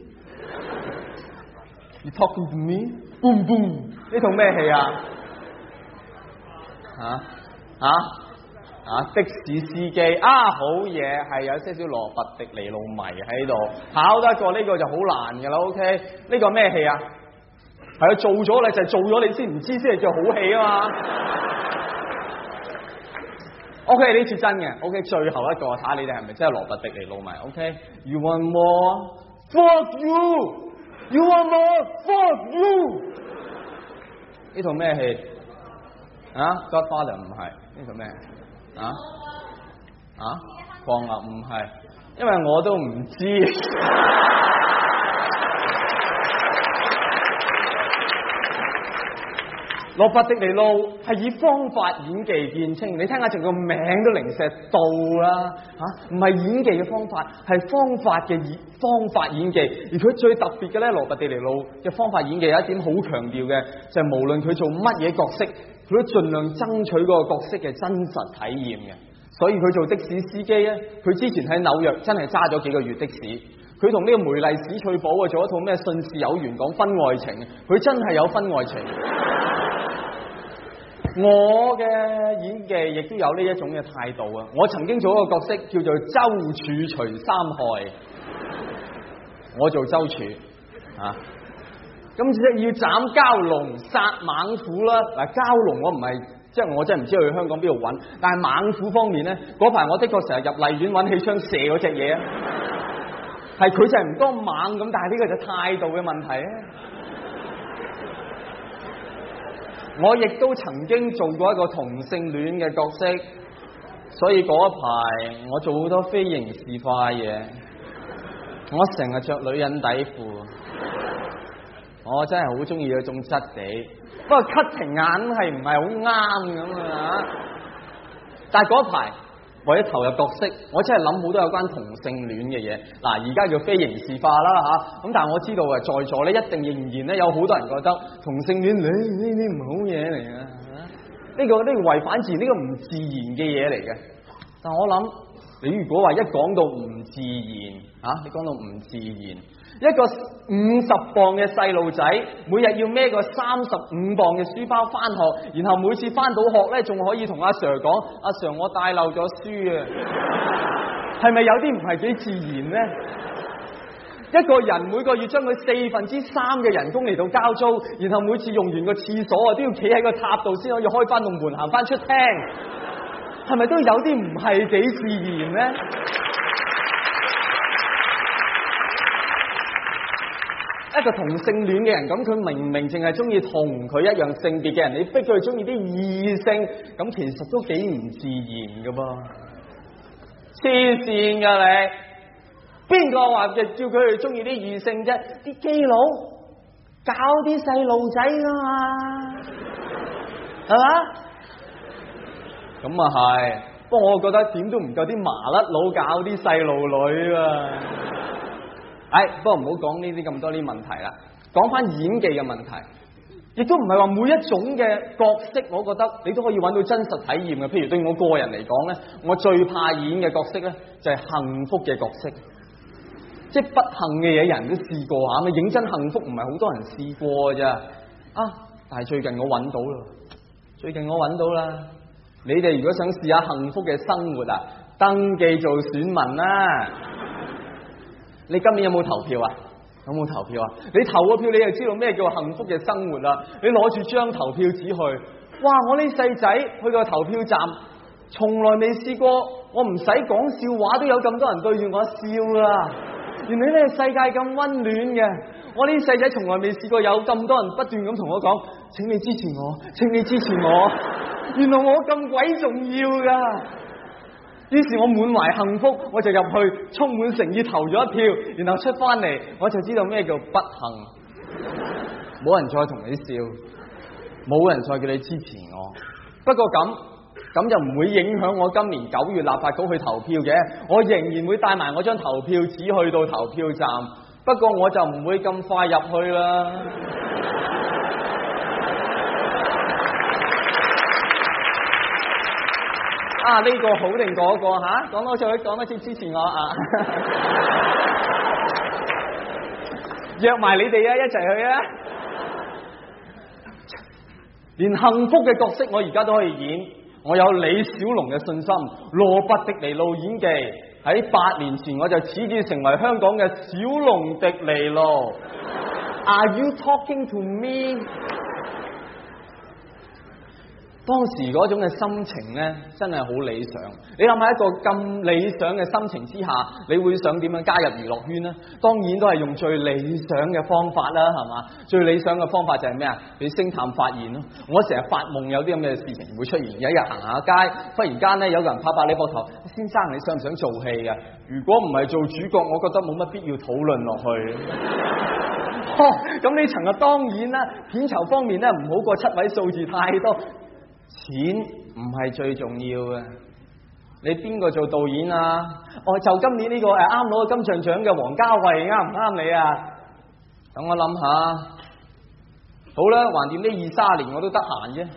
You talking to me? Boom boom！呢套咩戲啊？吓吓吓！的士司機啊，好嘢，係有些少羅拔迪尼路迷喺度，考得過呢、呢個就好難噶啦。OK，呢個咩戲啊？係啊，做咗、就係、你就係做咗，你先唔知先係叫好戲啊嘛。 O K 呢次真嘅，O K 最後一個睇下你哋係咪真係羅拔迪尼路迷，O K you one more for you you one more for you 呢套咩戲啊？唔係，呢套咩啊，啊？《Godfather, 唔係》呢套咩啊啊？《放啊唔係》，因為我都唔知。 羅拔迪尼路係以方法演技見稱，你聽下成個名都零舍到啦，吓，唔、啊、係演技嘅方法，係方法嘅方法演技。而佢最特別嘅咧，羅拔迪尼路嘅方法演技有一點好強調嘅，就係、是、無論佢做乜嘢角色，佢都盡量爭取嗰個角色嘅真實體驗嘅。所以佢做的士司機咧，佢之前喺紐約真係揸咗幾個月的士。佢同呢個梅麗史翠寶啊，做一套咩《信是有緣》講婚外情，佢真係有婚外情。 我嘅演技亦都有呢一種嘅態度啊！我曾經做過一個角色叫做周處，除三害，我做周處，啊。咁即係要斬蛟龍、殺猛虎啦。嗱、啊，蛟龍我唔係，即係我真係唔知道去香港邊度搵。但係猛虎方面咧，嗰排我的確成日入荔園揾氣槍射嗰隻嘢。係佢就係唔多猛咁，但係呢個就態度嘅問題咧。我亦都曾經做過一個同性戀嘅角色，所以嗰一排我做好多非刑事化嘢，我成日着女人底褲，我真係好中意嗰種質地，不過 cutting 眼係唔係好啱咁啊！但係嗰一排。我一投入角色，我真係諗好多有關同性戀嘅嘢。嗱，而家叫非刑事化啦吓。咁但係我知道嘅在座咧，一定仍然咧有好多人覺得同性戀你呢啲唔好嘢嚟嘅，啊，呢個呢個違反自然，呢個唔自然嘅嘢嚟嘅。但我諗，你如果話一講到唔自然，啊，你講到唔自然。一個五十磅嘅細路仔，每日要孭個三十五磅嘅書包翻學，然後每次翻到學呢，仲可以同阿 sir 講，阿 sir 我帶漏咗書啊，係 咪有啲唔係幾自然呢？ 一個人每個月將佢四分之三嘅人工嚟到交租，然後每次用完個廁所啊都要企喺個塔度先可以開翻個門行翻出廳，係咪都有啲唔係幾自然呢？ 」一個同性戀嘅人，咁佢明明淨係中意同佢一樣性別嘅人，你逼佢中意啲異性，咁其實都幾唔自然噶噃，黐線噶你，邊個話就叫佢去中意啲異性啫？啲基佬搞啲細路仔㗎嘛，係嘛？咁啊係，不過我覺得點都唔夠啲麻甩佬搞啲細路女啊。唉，不過唔好講呢啲咁多啲問題啦，講翻演技嘅問題，亦都唔係話每一種嘅角色，我覺得你都可以揾到真實體驗嘅。譬如對我個人嚟講咧，我最怕演嘅角色咧就係幸福嘅角色，即係不幸嘅嘢人都試過下，認真幸福唔係好多人試過嘅啫。啊！但係最近我揾到啦，最近我揾到啦。你哋如果想試下幸福嘅生活啊，登記做選民啦。你今年有冇投票啊？有冇投票啊？你投個票，你就知道咩叫幸福嘅生活啦。你攞住張投票紙去，哇！我呢細仔去個投票站，從來未試過，我唔使講笑話都有咁多人對住我笑啦！原來呢世界咁溫暖嘅，我呢細仔從來未試過有咁多人不斷咁同我講，請你支持我，請你支持我，原來我咁鬼重要噶！於是，我滿懷幸福，我就入去，充滿誠意投咗一票，然後出翻嚟，我就知道咩叫不幸。冇人再同你笑，冇人再叫你支持我。不過咁，咁就唔會影響我今年九月立法局去投票嘅。我仍然會帶埋我張投票紙去到投票站，不過我就唔會咁快入去啦。啊！呢、這個好定嗰、那個吓，講多次，講多次支持我啊！ 約埋你哋啊，一齊去啊！連幸福嘅角色，我而家都可以演，我有李小龍嘅信心，羅伯迪尼路演技，喺八年前我就始志成為香港嘅小龍迪尼路。Are you talking to me？當時嗰種嘅心情呢，真係好理想。你諗下一個咁理想嘅心情之下，你會想點樣加入娛樂圈呢？當然都係用最理想嘅方法啦，係嘛？最理想嘅方法就係咩啊？俾星探發現咯。我成日發夢有啲咁嘅事情會出現。有一日行下街，忽然間呢，有個人拍拍你膊頭，先生你想唔想做戲啊？如果唔係做主角，我覺得冇乜必要討論落去。呵，咁呢層啊當然啦，片酬方面呢，唔好過七位數字太多。錢唔係最重要嘅，你邊個做導演啊？哦，就今年呢，這個誒啱攞咗金像獎嘅黃家衛啱唔啱你啊？等我諗下，好啦，橫掂呢二三十年我都得閒啫，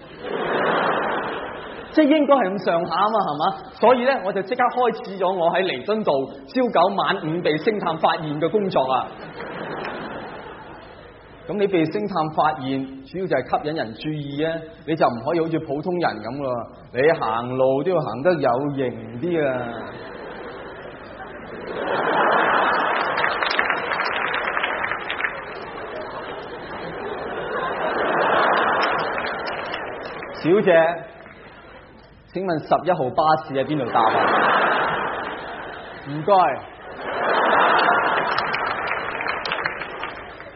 即係應該係咁上下啊嘛，係嘛？所以咧，我就即刻開始咗我喺彌敦道朝九晚五地星探發現嘅工作啊！咁你被星探發現，主要就係吸引人注意啊！你就唔可以好似普通人咁喎，你行路都要行得有型啲啊！小姐，請問十一號巴士喺邊度搭啊？唔該。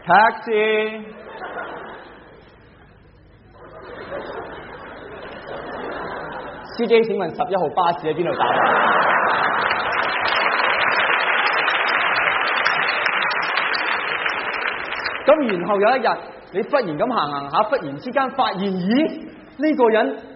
taxi， 司機，請問十一號巴士喺邊度打？咁 然後有一日，你忽然咁行行下，忽然之間發現，咦，呢個人？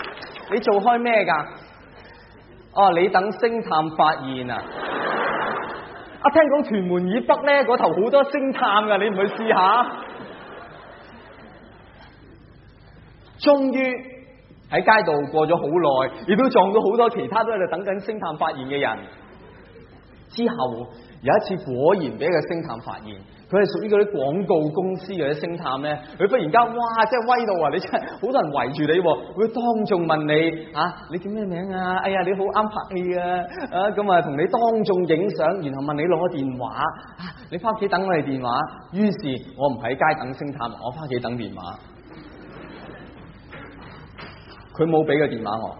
你做開咩噶？哦、啊，你等星探發現啊！一、啊、聽講屯門以北咧，嗰頭好多星探噶、啊，你唔去試下、啊？終於喺街度過咗好耐，亦都撞到好多其他都喺度等緊星探發現嘅人。之後有一次，果然俾個星探發現。佢係屬於嗰啲廣告公司或星探咧，佢忽然間哇，真係威到啊！你真係好多人圍住你，佢當眾問你啊，你叫咩名啊？哎呀，你好啱拍戲啊！啊咁啊，同你當眾影相，然後問你攞個電話，啊、你翻屋企等我哋電話。於是，我唔喺街等星探，我翻屋企等電話。佢冇俾個電話我，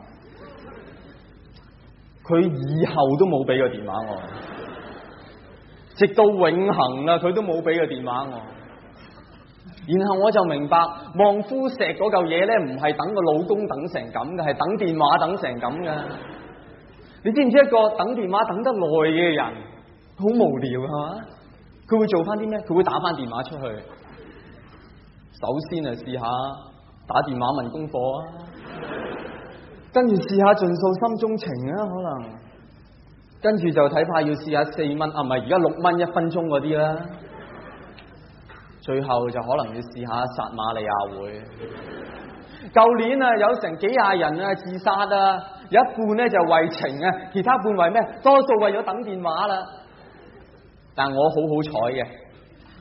佢以後都冇俾個電話我。直到永恒啊，佢都冇俾個電話我。然後我就明白望夫石嗰嚿嘢咧，唔係等個老公等成咁嘅，係等電話等成咁嘅。你知唔知一個等電話等得耐嘅人，好無聊係嘛？佢會做翻啲咩？佢會打翻電話出去。首先啊，試下打電話問功課啊，跟住試下盡訴心中情啊，可能。跟住就睇怕要試下四蚊啊，唔係而家六蚊一分鐘嗰啲啦。最後就可能要試下撒馬利亞會。舊年啊，有成幾廿人啊自殺啊，有一半咧就為情啊，其他半為咩？多數為咗等電話啦。但我好好彩嘅，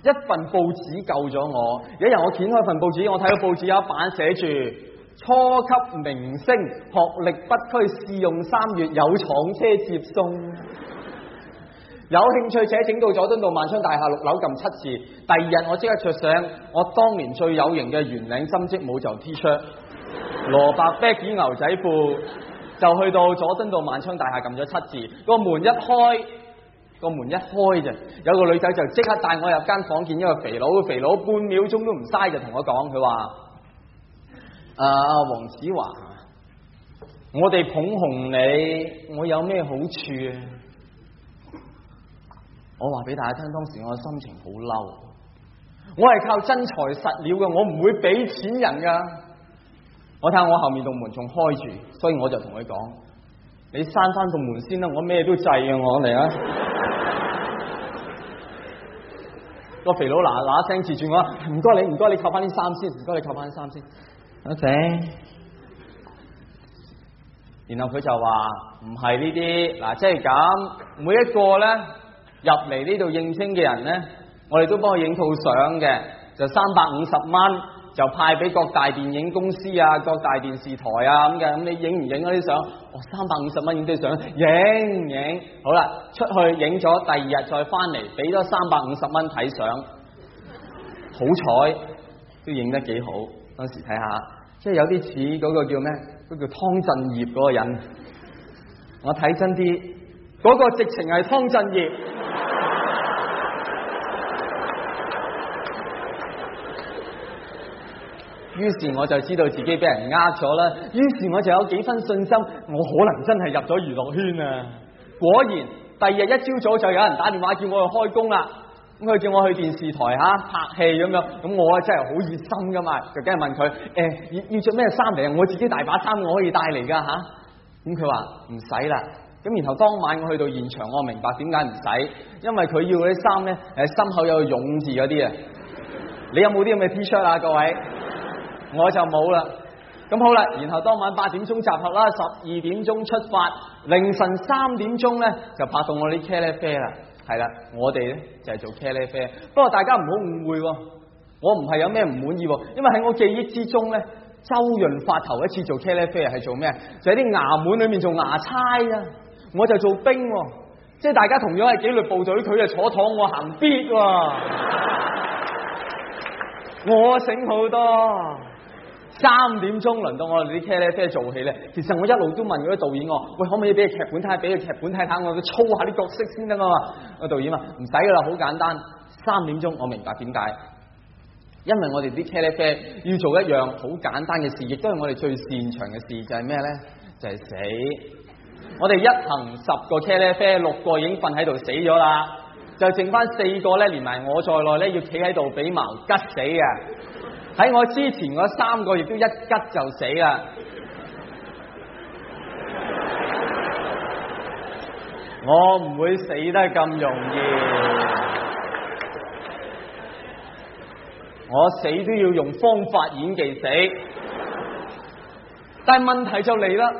一份報紙救咗我。有一日我掀開份報紙，我睇到報紙有一版寫住。初級明星，學歷不拘，試用三月，有廠車接送。有興趣者，請到佐敦道萬昌大廈六樓撳七字。第二日我即刻着上我當年最有型嘅圓領針織帽、T 恤、蘿蔔啤、短牛仔褲，就去到佐敦道萬昌大廈撳咗七字。個門一開，個門一開就有個女仔就即刻帶我入間房見一個肥佬，個肥佬半秒鐘都唔嘥，就同我講，佢話。啊，黃子華，我哋捧紅你，我有咩好處啊？我話俾大家聽，當時我嘅心情好嬲，我係靠真材實料嘅，我唔會俾錢人噶。我睇下我後面度門仲開住，所以我就同佢講：你閂翻度門先啦，我咩都制啊！我嚟啊！個 肥佬嗱嗱聲截住我，唔該你，唔該你扣翻啲衫先，唔該你扣翻啲衫先。Okay，然後佢就話唔係呢啲，嗱即係咁，每一個呢入嚟呢度應徵嘅人呢，我哋都幫佢影套相嘅，就三百五十蚊就派俾各大電影公司啊、各大電視台啊咁嘅，咁你影唔影嗰啲相？哦三百五十蚊影啲相，影唔影？好啦，出去影咗，第二日再翻嚟俾多三百五十蚊睇相，好彩都影得幾好。當時睇下，即係有啲似嗰個叫咩？嗰個叫湯鎮業嗰個人。我睇真啲，嗰個直情係湯鎮業。於 是我就知道自己俾人呃咗啦。於是我就有幾分信心，我可能真係入咗娛樂圈啊！果然，第二日一朝早就有人打電話叫我去開工啦。咁佢叫我去電視台吓拍戲咁樣，咁我啊真係好熱心噶嘛，就梗係問佢，誒、欸、要要着咩衫嚟啊？我自己大把衫我可以帶嚟噶吓。咁佢話唔使啦。咁然後當晚我去到現場，我明白點解唔使，因為佢要嗰啲衫咧，誒，心口有勇字嗰啲啊。你有冇啲咁嘅 T-shirt 啊？各位，我就冇啦。咁好啦，然後當晚八點鐘集合啦，十二點鐘出發，凌晨三點鐘咧就拍到我啲茄哩啡啦。係啦，我哋咧就係、是、做茄喱啡。不過大家唔好誤會，我唔係有咩唔滿意。因為喺我記憶之中咧，周潤發頭一次做茄喱啡係做咩？就喺、是、啲衙門裏面做衙差啊！我就做兵，即係大家同樣係紀律部隊，佢就坐堂。我行必、啊， 我醒好多。三點鐘輪到我哋啲茄哩啡做戲咧，其實我一路都問嗰啲導演喎，喂，可唔可以俾個劇本睇，俾個劇本睇下，我去操下啲角色先得噶嘛？個導演啊，唔使噶啦，好簡單。三點鐘我明白點解，因為我哋啲茄哩啡要做一樣好簡單嘅事，亦都係我哋最擅長嘅事，就係咩咧？就係、是、死。我哋一行十個茄哩啡，六個已經瞓喺度死咗啦，就剩翻四個咧，連埋我在內咧，要企喺度俾矛吉死嘅。喺我之前三個月都一吉就死啦，我唔會死得咁容易，我死都要用方法演技死。但係問題就嚟啦，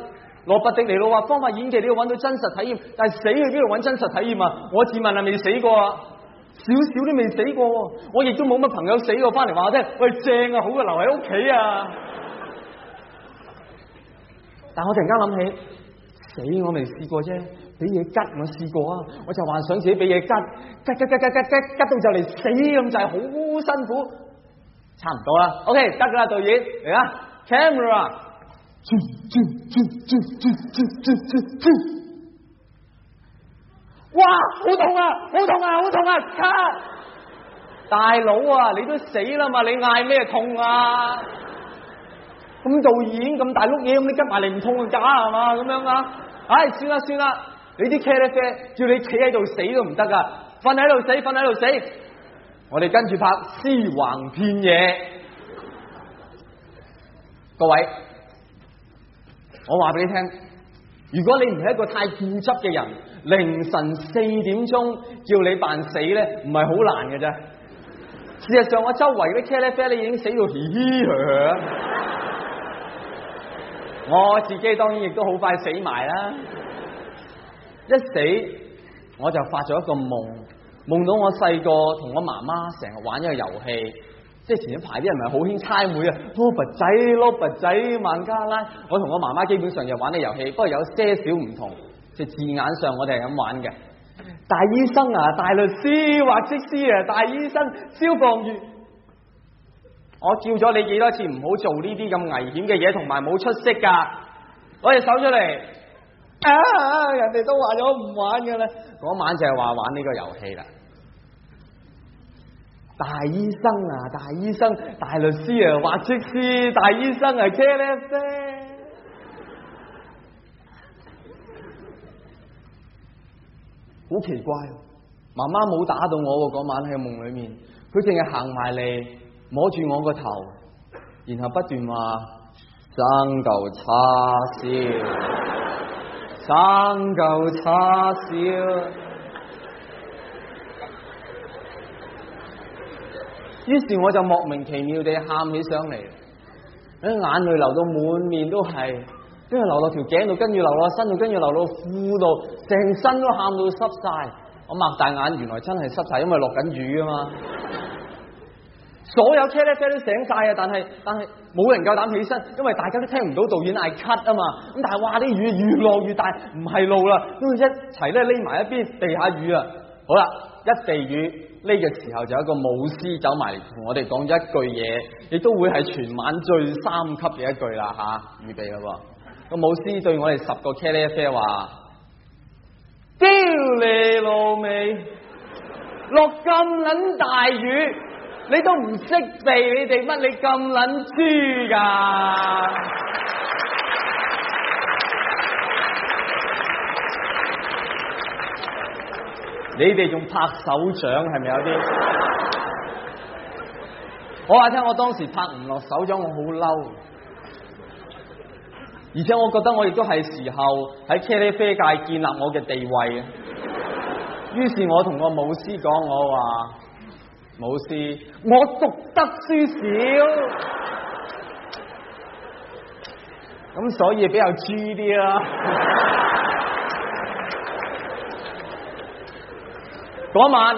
羅伯迪尼路話方法演技你要揾到真實體驗，但死去邊度揾真實體驗啊？我自問係未死過啊。少少都未死過，我亦都冇乜朋友死過，翻嚟話我聽，喂，正啊，好啊，留喺屋企啊！但我突然間諗起，死我未試過啫，俾嘢刉我試過啊，我就幻想自己俾嘢刉，刉刉刉刉刉刉刉到死就嚟死，咁就係好辛苦，差不，差唔多啦，OK 得噶啦，導演嚟啦，camera。哇！好痛啊！好痛啊！好痛啊！卡！大佬啊，你都死啦嘛？你嗌咩痛啊？咁導演咁大碌嘢，咁你吉埋嚟唔痛就假係嘛？咁樣啊？唉、哎，算啦算啦，你啲茄喱啡，叫你企喺度死都唔得噶，瞓喺度死，瞓喺度死。我哋跟住拍屍橫遍野。各位，我話俾你聽，如果你唔係一個太固執嘅人。凌晨四點鐘叫你扮死咧，唔係好難嘅啫。事實上，我周圍啲茄喱啡，你已經死到嘻嘻哈哈。我自己當然亦都好快死埋啦。一死，我就發咗一個夢，夢到我細個同我媽媽成日玩一個遊戲，即係前一排啲人咪好興猜謎啊：「蘿蔔仔、蘿蔔仔、萬加啦！」我同我媽媽基本上又玩呢遊戲，不過有些少唔同。字眼上，我哋係咁玩嘅。大醫生啊，大律師，會計師啊，大醫生消防員，我叫咗你幾多次唔好做呢啲咁危險嘅嘢，同埋冇出息噶。攞隻手出嚟。啊，人哋都話咗唔玩嘅啦。嗰晚就係話玩呢個遊戲啦。大醫生啊，大醫生，大律師啊，會計師，大醫生係 c h a 好奇怪，媽媽冇打到我，嗰晚喺夢裏面，佢淨係行埋嚟摸住我個頭，然後不斷話生舊叉燒，生舊叉燒，於是我就莫名其妙地喊起上嚟，眼淚流到滿面都係。跟住流落條頸度，跟住流落身度，跟住流到褲度，成身，身都喊到濕晒。我擘大眼，原來真係濕晒，因為落緊雨啊嘛。所有車咧車都醒晒啊，但係但係冇人夠膽起身，因為大家都聽唔到導演嗌咳 u 啊嘛。咁但係哇，啲雨越落越大，唔係路啦，住一齊咧匿埋一邊地下雨啊。好啦，一地雨，呢個時候就有一個舞獅走埋嚟，同我哋講一句嘢，亦都會係全晚最三級嘅一句啦吓，預、啊、備啦噃。好。那個舞師對我哋十個茄喱啡話：屌你老味，落咁捻大雨，你都唔識避，你哋乜你咁捻豬噶？你哋仲拍手掌係咪有啲？ 我話聽，我當時拍唔落手掌，我好嬲。而且我覺得我亦都係時候喺茄喱啡界建立我嘅地位。於是，我同個舞師講：我話舞師，我讀得書少，咁所以比較豬啲啊。」嗰晚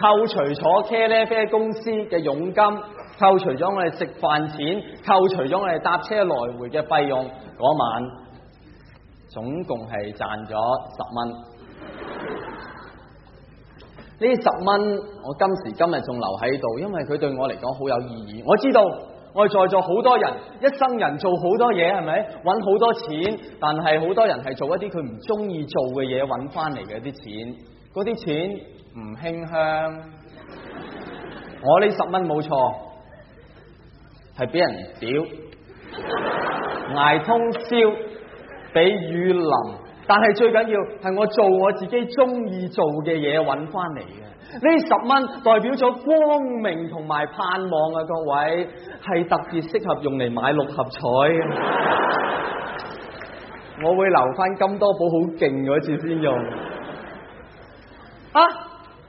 扣除咗茄喱啡公司嘅佣金。扣除咗我哋食飯錢，扣除咗我哋搭車來回嘅費用，嗰晚總共係賺咗十蚊。呢十蚊我今時今日仲留喺度，因為佢對我嚟講好有意義。我知道我哋在座好多人一生人做好多嘢，係咪揾好多錢？但係好多人係做一啲佢唔中意做嘅嘢揾翻嚟嘅啲錢，嗰啲錢唔馨香。我呢十蚊冇錯。係俾人屌，捱通宵，俾雨淋，但係最緊要係我做我自己中意做嘅嘢，揾翻嚟嘅。呢十蚊代表咗光明同埋盼望啊！各位係特別適合用嚟買六合彩， 我會留翻金多寶好勁嗰次先用。啊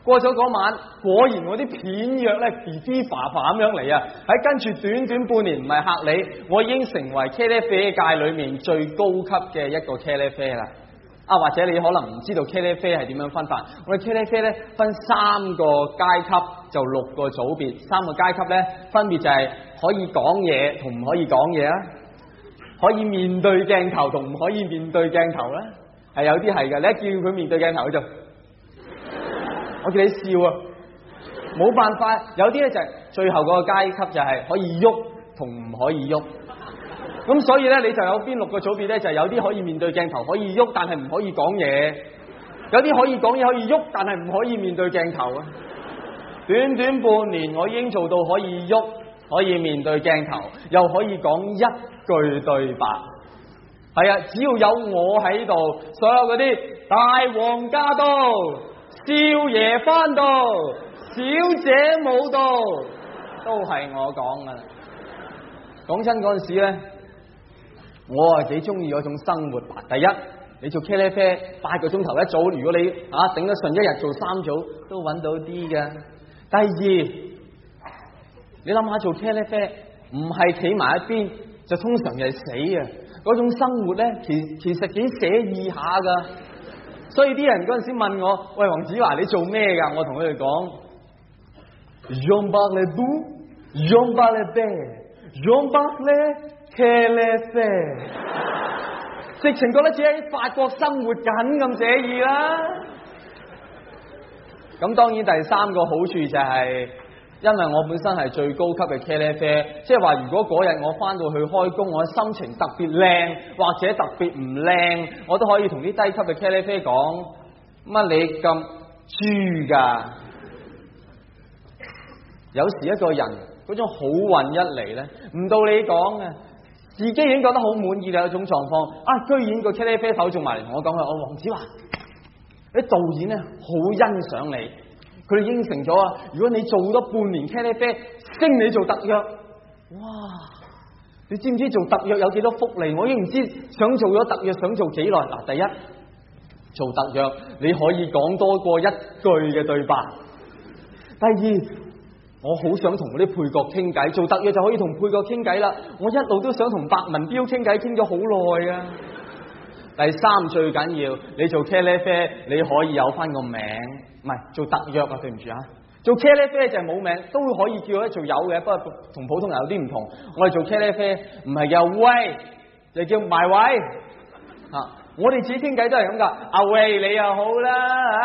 過咗嗰晚，果然我啲片約咧如之繁繁咁樣嚟啊！喺跟住短短半年唔係吓你，我已經成為茄哩啡界裏面最高級嘅一個茄哩啡啦。啊，或者你可能唔知道茄哩啡係點樣分法？我哋茄哩啡咧分三個階級，就六個組別。三個階級咧，分別就係可以講嘢同唔可以講嘢啦，可以面對鏡頭同唔可以面對鏡頭啦。係有啲係嘅，你一叫佢面對鏡頭就。我叫你笑啊！冇辦法，有啲咧就係最後嗰個階級就係可以喐同唔可以喐。咁所以咧，你就有邊六個組別咧，就係有啲可以面對鏡頭可以喐，但係唔可以講嘢；有啲可以講嘢可以喐，但係唔可以面對鏡頭啊。短短半年，我已經做到可以喐，可以面對鏡頭，又可以講一句對白。係啊，只要有我喺度，所有嗰啲大王駕到，少爺翻到，小姐舞到，都係我講噶啦。講真嗰陣時咧，我係幾中意嗰種生活。第一，你做茄喱啡八個鐘頭一組，如果你啊頂得順，一日做三組都揾到啲嘅。第二，你諗下做茄喱啡，唔係企埋一邊，就通常係死啊。嗰種生活咧，其實其實幾寫意下噶。所以啲人嗰時問我：「喂，黃子華，你做咩㗎？」我同佢哋講：「Jumpa le bu, jumpa le be, jumpa le kelle be。」直情覺得自己喺法國生活緊，咁寫意啦！咁當然第三個好處就係，是。因為我本身係最高級嘅茄喱啡，即係話如果嗰日我翻到去開工，我心情特別靚或者特別唔靚，我都可以同啲低級嘅茄喱啡講，乜你咁豬㗎？有時一個人嗰種好運一嚟呢，唔到你講嘅，自己已經覺得好滿意嘅一種狀況啊！居然個茄喱啡頭仲埋嚟同我講佢，我、哦、黃子華你導演呢，好欣賞你。佢應承咗啊！如果你做多半年茄哩啡，升你做特約。哇！你知唔知做特約有幾多福利？我已經唔知想做咗特約想做幾耐。嗱，第一做特約你可以講多過一句嘅對白。第二，我好想同啲配角傾偈，做特約就可以同配角傾偈啦。我一路都想同白文彪傾偈，傾咗好耐啊。第三最緊要，你做茄哩啡你可以有翻個名。唔係做特約啊，對唔住啊，做茄喱啡就係冇名，都可以叫咧做有嘅，不過同普通人有啲唔同。我哋做茄喱啡唔係有威，就叫埋位。啊，我哋自己傾偈都係咁噶。阿、啊、威你又好啦，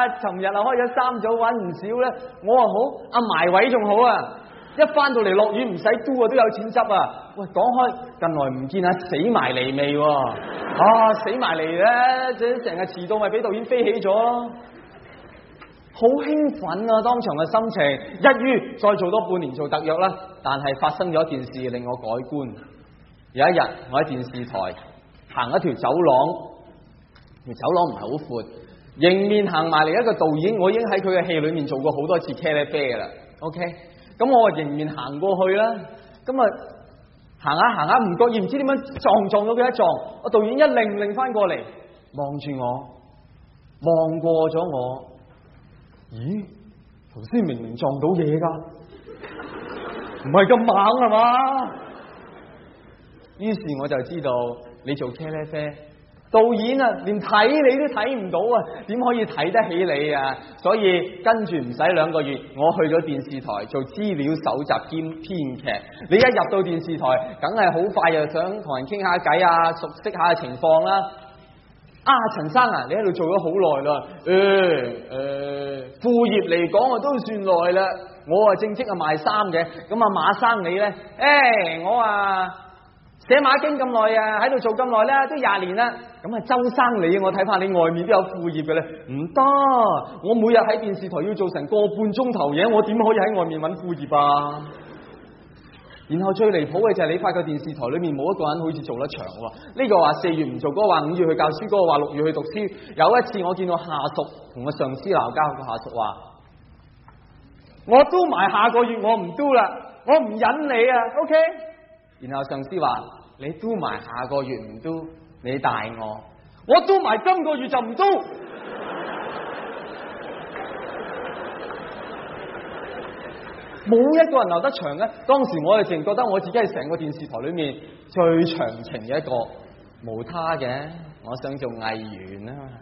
啊，尋日啊開咗三組，搵唔少咧。我話好，阿埋位仲好啊，一翻到嚟落雨唔使嘟啊，都有錢執啊。喂，講開近來唔見啊，死埋嚟未？啊，死埋嚟咧，就係成日遲到咪俾導演飛起咗咯。好興奮啊！當場嘅心情，一於再做多半年做特約啦。但係發生咗一件事令我改觀。有一日，我喺電視台行一條走廊，條走廊唔係好闊，迎面行埋嚟，一個導演，我已經喺佢嘅戲裏面做過好多次茄哩啡啦。OK，咁我啊迎面行過去啦。咁啊行下行下，唔覺意唔知點樣撞撞到佢，一撞，個導演一擰擰翻過嚟，望住我，望過咗我。咦，頭先明明撞到嘢噶，唔係咁猛係嘛？於是我就知道你做茄喱啡，導演啊連睇你都睇唔到啊，點可以睇得起你啊？所以跟住唔使兩個月，我去咗電視台做資料搜集兼編劇。你一入到電視台，梗係好快又想同人傾下偈啊，熟悉下情況啦、啊。啊，陳生啊，你喺度做咗好耐啦，誒、欸、誒、欸，副業嚟講我都算耐啦。我啊正職係賣衫嘅，咁啊馬生你咧，誒我啊寫馬經咁耐啊，喺度做咁耐啦，都廿年啦。咁啊周生你，我睇怕你外面都有副業嘅咧，唔得，我每日喺電視台要做成個半鐘頭嘢，我點可以喺外面揾副業啊？然後最離譜嘅就係你發個電視台裏面冇一個人好似做得長喎，呢個話四月唔做，嗰個話五月去教書，嗰個話六月去讀書。有一次我見到下屬同個上司鬧交，個下屬話：我都埋下個月我唔 do 啦，我唔忍你啊，OK？然後上司話：你 do 埋下個月唔 do，你大我，我 do 埋今個月就唔 do。 冇一個人留得長嘅，當時我就淨覺得我自己係成個電視台裏面最長情嘅一個，無他嘅，我想做藝員嘛、啊？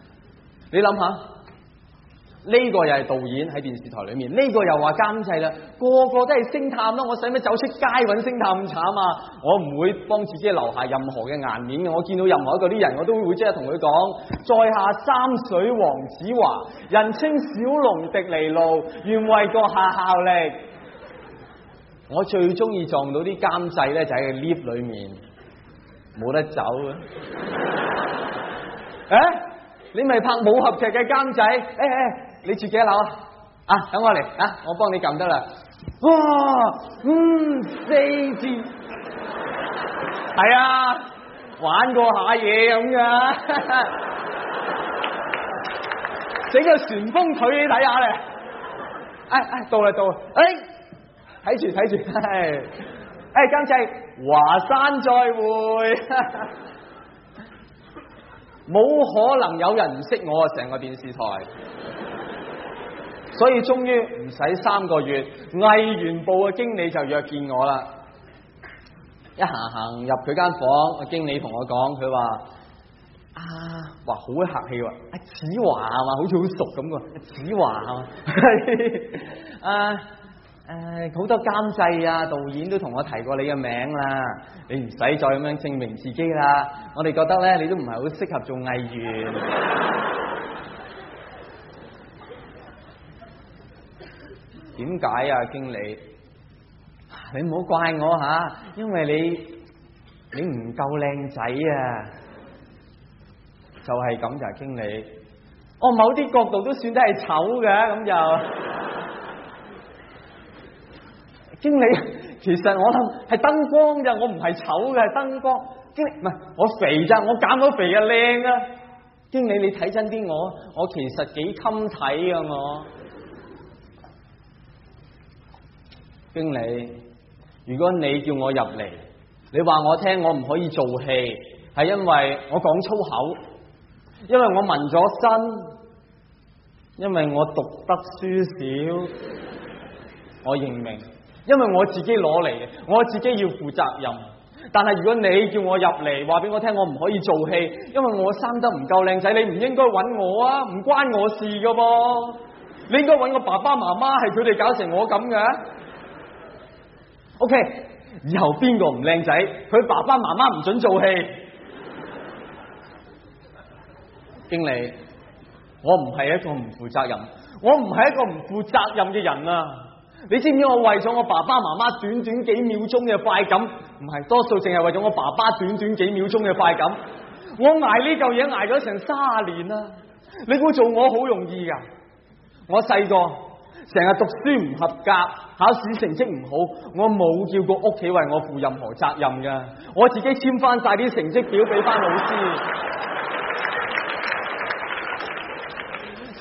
你諗下，呢、這個又係導演喺電視台裏面，呢、這個又話監製啦，個個都係星探咯。我使乜走出街搵星探咁慘啊？我唔會幫自己留下任何嘅顏面嘅。我見到任何一個啲人，我都會即係同佢講： 在下三水黃子華，人稱小龍迪尼路，願為閣下效力。我最中意撞到啲監製咧，就喺 lift 裏面冇得走嘅。誒、 欸，你咪拍武俠劇嘅監製，誒、欸、誒、欸，你住幾樓啊？啊，等我嚟啊，我幫你撳得啦。哇，嗯，四字，係啊，玩過下嘢咁噶， 整個旋風腿你睇下咧，誒、欸、誒、欸，到啦到啦，誒、欸。睇住睇住，誒，哎，今次華山再會，冇可能有人唔識我啊！成個電視台，所以終於唔使三個月，藝員部嘅經理就約見我啦。一行行入佢間房，經理同我講，佢話：啊，哇，好客氣喎，子華係嘛，好似好熟咁嘅，子華係嘛，啊。誒，好多監製啊、導演都同我提過你嘅名啦，你唔使再咁樣證明自己啦。我哋覺得咧，你都唔係好適合做藝員。點解啊，經理？你唔好怪我吓，因為你你唔夠靚仔啊，就係咁就係經理。哦，某啲角度都算得係醜嘅，咁就。經理，其實我諗係燈光嘅，我唔係醜嘅，係燈光。經理，唔係我肥咋，我減到肥嘅靚啊！經理，你睇真啲我，我其實幾襟睇㗎我。經理，如果你叫我入嚟，你話我聽，我唔可以做戲，係因為我講粗口，因為我紋咗身，因為我讀得書少，我認明。因為我自己攞嚟嘅，我自己要負責任。但係如果你叫我入嚟，話俾我聽，我唔可以做戲，因為我生得唔夠靚仔，你唔應該揾我啊，唔關我事噶噃。你應該揾我爸爸媽媽，係佢哋搞成我咁嘅。OK，以後邊個唔靚仔，佢爸爸媽媽唔准做戲。經理，我唔係一個唔負責任，我唔係一個唔負責任嘅人啊。你知唔知我為咗我爸爸媽媽短短幾秒鐘嘅快感，唔係多數淨係為咗我爸爸短短幾秒鐘嘅快感，我挨呢嚿嘢挨咗成卅年啦。你估做我好容易噶？我細個成日讀書唔合格，考試成績唔好，我冇叫過屋企為我負任何責任噶，我自己簽翻晒啲成績表俾翻老師。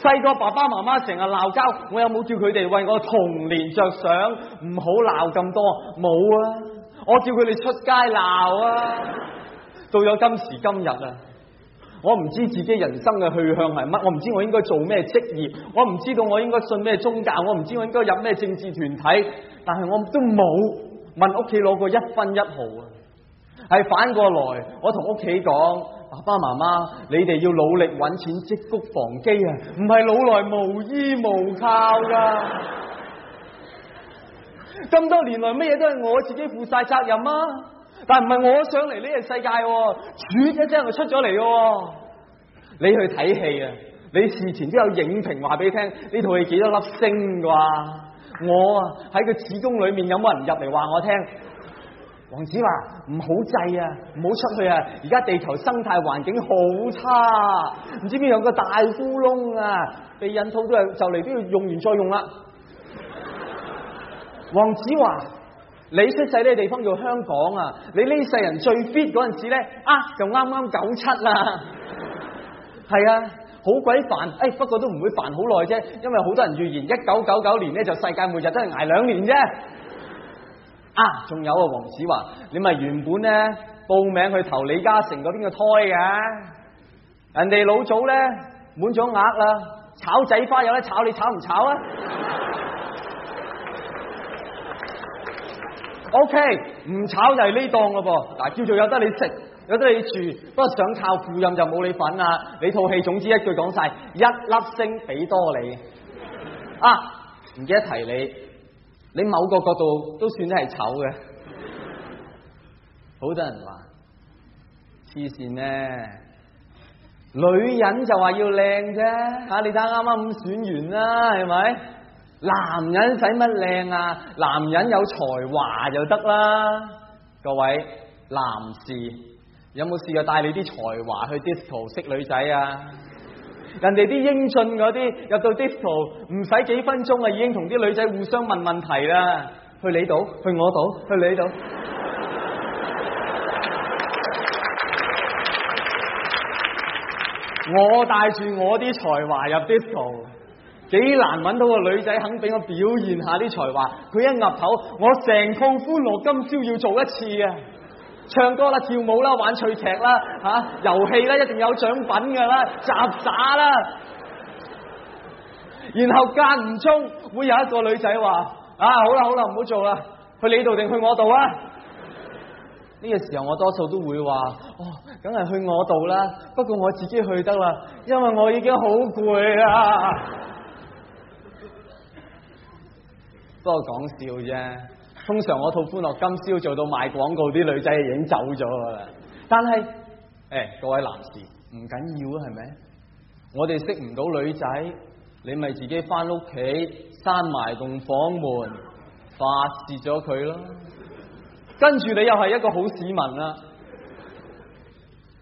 細個爸爸媽媽成日鬧交，我有冇叫佢哋為我童年着想？唔好鬧咁多，冇啊！我叫佢哋出街鬧啊！到咗今時今日啊，我唔知自己人生嘅去向係乜，我唔知我應該做咩職業，我唔知道我應該信咩宗教，我唔知我應該入咩政治團體，但係我都冇問屋企攞過一分一毫啊！係反過來，我同屋企講。爸爸媽媽，你哋要努力揾錢積穀防饑啊！唔係老來無依無靠噶。咁多年來乜嘢都係我自己負晒責任啊！但係唔係我想嚟呢個世界，主一聲就出咗嚟噶。你去睇戲啊，你事前都有影評話俾你聽呢套戲幾多粒星啩？我啊喺個子宮裏面有冇人入嚟話我聽？王子話唔好制啊，唔好出去啊！而家地球生態環境好差、啊，唔知邊有,有個大窟窿啊！避孕套都係就嚟都要用完再用啦。 王子話：你出世呢個地方叫香港啊！你這呢世人最 fit 嗰陣時咧啊，就啱啱九七啦，係 啊，好鬼煩！誒，不過都唔會煩好耐啫，因為好多人預言一九九九年咧就世界末日都係挨兩年啫。.啊，仲有啊，黃子華，你咪原本咧報名去投李嘉誠嗰邊個胎嘅、啊，人哋老早咧滿咗額啦，炒仔花有得炒，你炒唔炒啊 ？OK，唔炒就係呢檔咯噃，嗱、啊、叫做有得你食，有得你住，不過想炒副任就冇你份啊 你套戲總之一句講晒，一粒星俾多你，啊，唔記得提你。你某個角度都算得係醜嘅，好多人話黐線咧。女人就話要靚啫，吓，你睇下啱啱咁選完啦，係咪？男人使乜靚啊？男人有才華就得啦。各位男士，有冇試過帶你啲才華去 Disco 識女仔啊？人哋啲英俊嗰啲入到 disco 唔使幾分鐘啊，已經同啲女仔互相問問題啦。去你度，去我度，去你度。 我帶住我啲才華入 disco 幾難揾到個女仔肯俾我表現下啲才華。佢一岌頭，我成套歡樂今宵要做一次啊！唱歌啦，跳舞啦，玩趣劇啦，吓遊戲啦，一定有獎品噶啦，雜耍啦。然後間唔中會有一個女仔話，啊好啦好啦，唔好啦做啦，去你度定去我度啊？呢、這個時候我多數都會話，哦，梗係去我度啦，不過我自己去得啦，因為我已經好攰啊。不過講笑啫。通常我套歡樂今宵做到賣廣告，啲女仔已經走咗噶啦，但係誒、哎、各位男士唔緊要啊，係咪？我哋識唔到女仔，你咪自己翻屋企閂埋棟房門，發泄咗佢咯。跟住你又係一個好市民啊！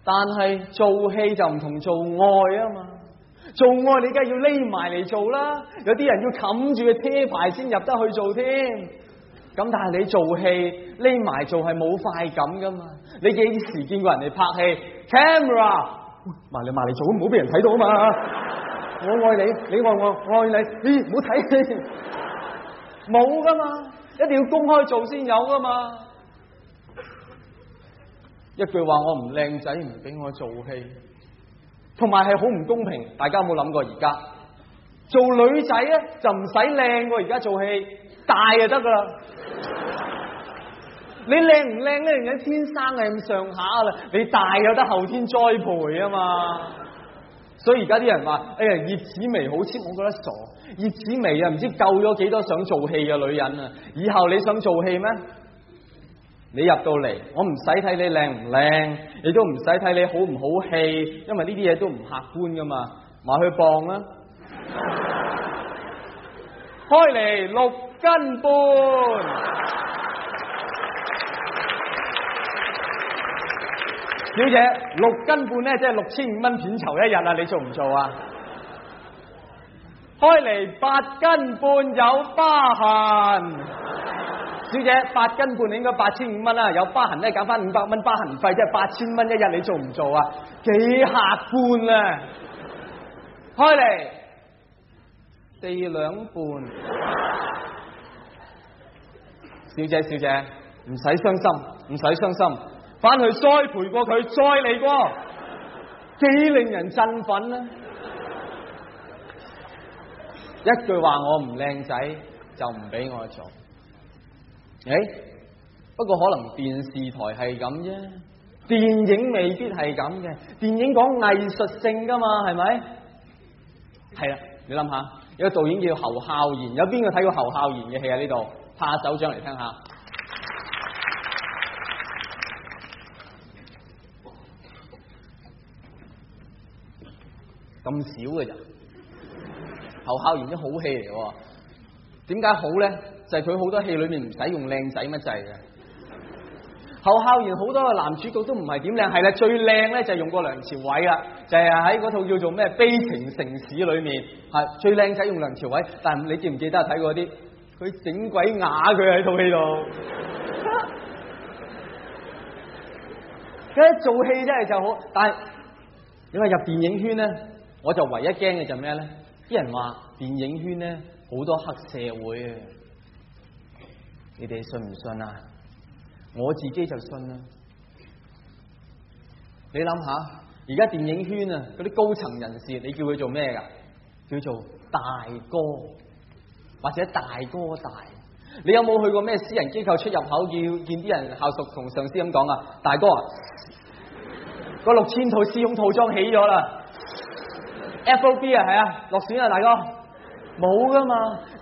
但係做戲就唔同做愛啊嘛，做愛你梗係要匿埋嚟做啦，有啲人要冚住個車牌先入得去做添。咁但係你戲做戲匿埋做係冇快感噶嘛？你幾時見過人哋拍戲？Camera，埋嚟埋嚟做，唔好俾人睇到啊嘛！ 我愛你，你愛我，我愛你。你，唔好睇戲，冇 噶嘛，一定要公開做先有噶嘛。一句話，我唔靚仔，唔俾我做戲，同埋係好唔公平。大家冇有諗有過而家做女仔咧、啊，就唔使靚。而家做戲。大就得噶啦，你靚唔靚呢？而家天生係咁上下啦，你大有得後天栽培啊嘛。所以而家啲人話：哎、欸、呀，葉子薇好似我覺得傻，葉子薇啊，唔知救咗幾多想做戲嘅女人啊。以後你想做戲咩？你入到嚟，我唔使睇你靚唔靚，你都唔使睇你好唔好戲，因為呢啲嘢都唔客觀噶嘛，咪去磅啊！開嚟六。六斤半，斤半，小姐六斤半咧，即係六千五蚊片酬一日啊！你做唔做啊？開嚟，八斤半有疤痕，小姐八斤半你應該八千五蚊啊，有疤痕咧，減翻五百蚊疤痕費，即係八千蚊一日，你做唔做啊？幾下半啊開？開嚟四兩半。小姐，小姐，唔使傷心，唔使傷心，翻去栽培過佢，再嚟過，幾令人振奮呢？ 一句話，我唔靚仔就唔俾我做。誒、欸，不過可能電視台係咁啫，電影未必係咁嘅。電影講藝術性噶嘛，係咪？係啦，你諗下，有個導演叫侯孝賢，有邊個睇過侯孝賢嘅戲啊？呢度？下手掌嚟聽下，咁少嘅人。侯孝賢嘅好戲嚟，點解好咧？就係佢好多戲裏面唔使用靚仔乜滯嘅。侯孝賢好多嘅男主角都唔係點靚，係啦，最靚咧就係用過梁朝偉啦，就係喺嗰套叫做咩《悲情城市》裏面，係最靚仔用梁朝偉。但係你記唔記得睇過啲？佢整鬼啞，佢喺套戲度。佢一做戲真係就好，但係因為入電影圈咧，我就唯一驚嘅就係咩咧？啲人話電影圈咧好多黑社會啊！你哋信唔信啊？我自己就信啦。你諗下，而家電影圈啊，嗰啲高層人士，你叫佢做咩㗎？叫做大哥。或者大哥大，你有冇去過咩私人機構出入口？要見啲人下屬同上司咁講啊，大哥，個六千套試用套裝起咗啦，F O B 啊，係啊，落選啊，大哥，冇噶嘛。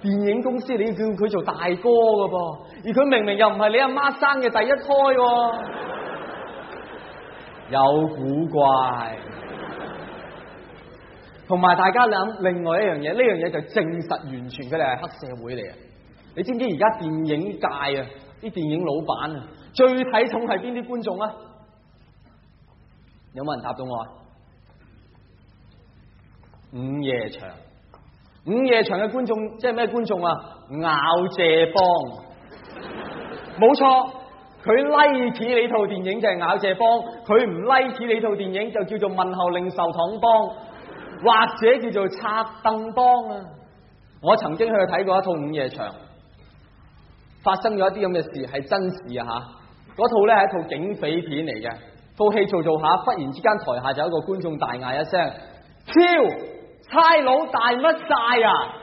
電影公司你要叫佢做大哥噶噃，啊，而佢明明又唔係你阿媽生嘅第一胎，啊，有古怪。同埋大家諗另外一樣嘢，呢樣嘢就證實完全佢哋係黑社會嚟嘅。你知唔知而家電影界啊，啲電影老闆啊最睇重係邊啲觀眾啊？有冇人答到我？午夜場，午夜場嘅觀眾即係咩觀眾啊？咬謝幫，冇錯，佢 like 你套電影就係咬謝幫，佢唔 like 你套電影就叫做問候令壽堂幫。或者叫做拆凳幫啊！我曾經去睇過一套午夜場，發生咗一啲咁嘅事，係真事啊吓！嗰套咧係一套警匪片嚟嘅，套戲做做下，忽然之間台下就有一個觀眾大嗌一聲：超！差佬大乜晒啊！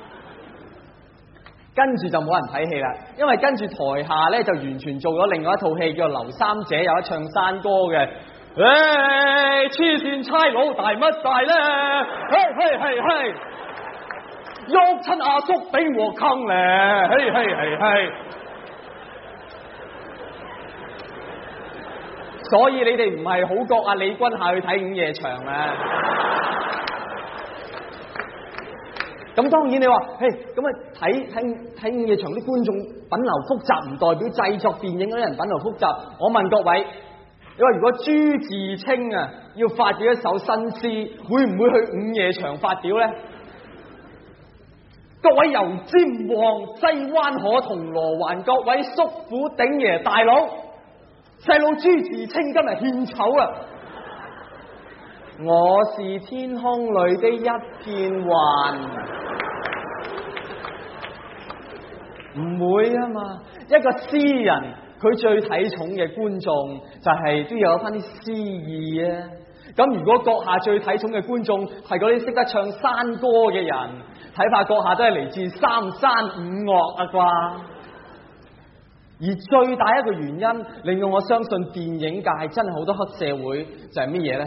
跟住就冇人睇戲啦，因為跟住台下咧就完全做咗另外一套戲，叫劉三姐，有一唱山歌嘅。誒、hey,，痴線，差佬大乜大咧、hey, hey, hey. hey, hey, hey, hey. 嘿，嘿，嘿嘿喐親阿叔頂和坑咧？嘿，嘿，所以你哋唔係好覺阿李君夏去睇午夜場啊？咁當然你話，嘿，咁啊睇睇睇午夜場啲觀眾品流複雜，唔代表製作電影嗰啲人品流複雜。我問各位。你話如果朱自清啊，要發表一首新詩，會唔會去午夜場發表呢？各位油尖旺西灣可灣、西灣河、銅鑼灣各位叔父頂爺、頂爺、大佬，細佬朱自清今日獻醜啦！我是天空裏的一片雲，唔會啊嘛，一個詩人。佢最睇重嘅觀眾就係都有翻啲詩意啊！咁如果閣下最睇重嘅觀眾係嗰啲識得唱山歌嘅人，睇怕閣下都係嚟自三山五岳啊啩。而最大一個原因令到我相信電影界真係好多黑社會，就係乜嘢呢？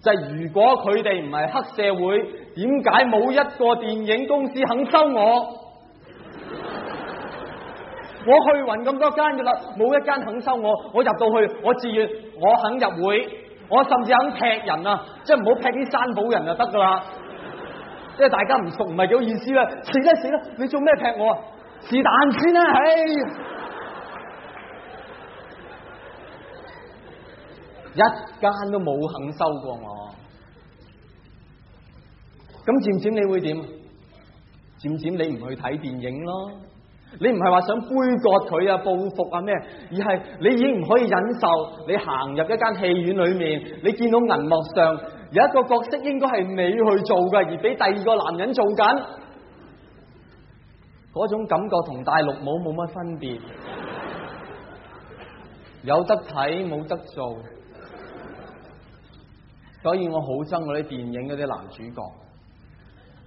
就係如果佢哋唔係黑社會，點解冇一個電影公司肯收我？ 我去勻咁多間嘅啦，冇一間肯收我。我入到去，我自願，我肯入會，我甚至肯劈人啊！即係唔好劈啲生保人就得噶啦。即係大家唔熟，唔係幾有意思啦。死啦死啦！你做咩劈我啊？是但先啦，唉，一間都冇肯收過我。咁漸漸你會點？漸漸你唔去睇電影咯。你唔係話想杯葛佢啊、報復啊咩，而係你已經唔可以忍受。你行入一間戲院裏面，你見到銀幕上有一個角色應該係你去做嘅，而俾第二個男人做緊，嗰種感覺同大陸冇冇乜分別，有得睇冇得做，所以我好憎嗰啲電影嗰啲男主角。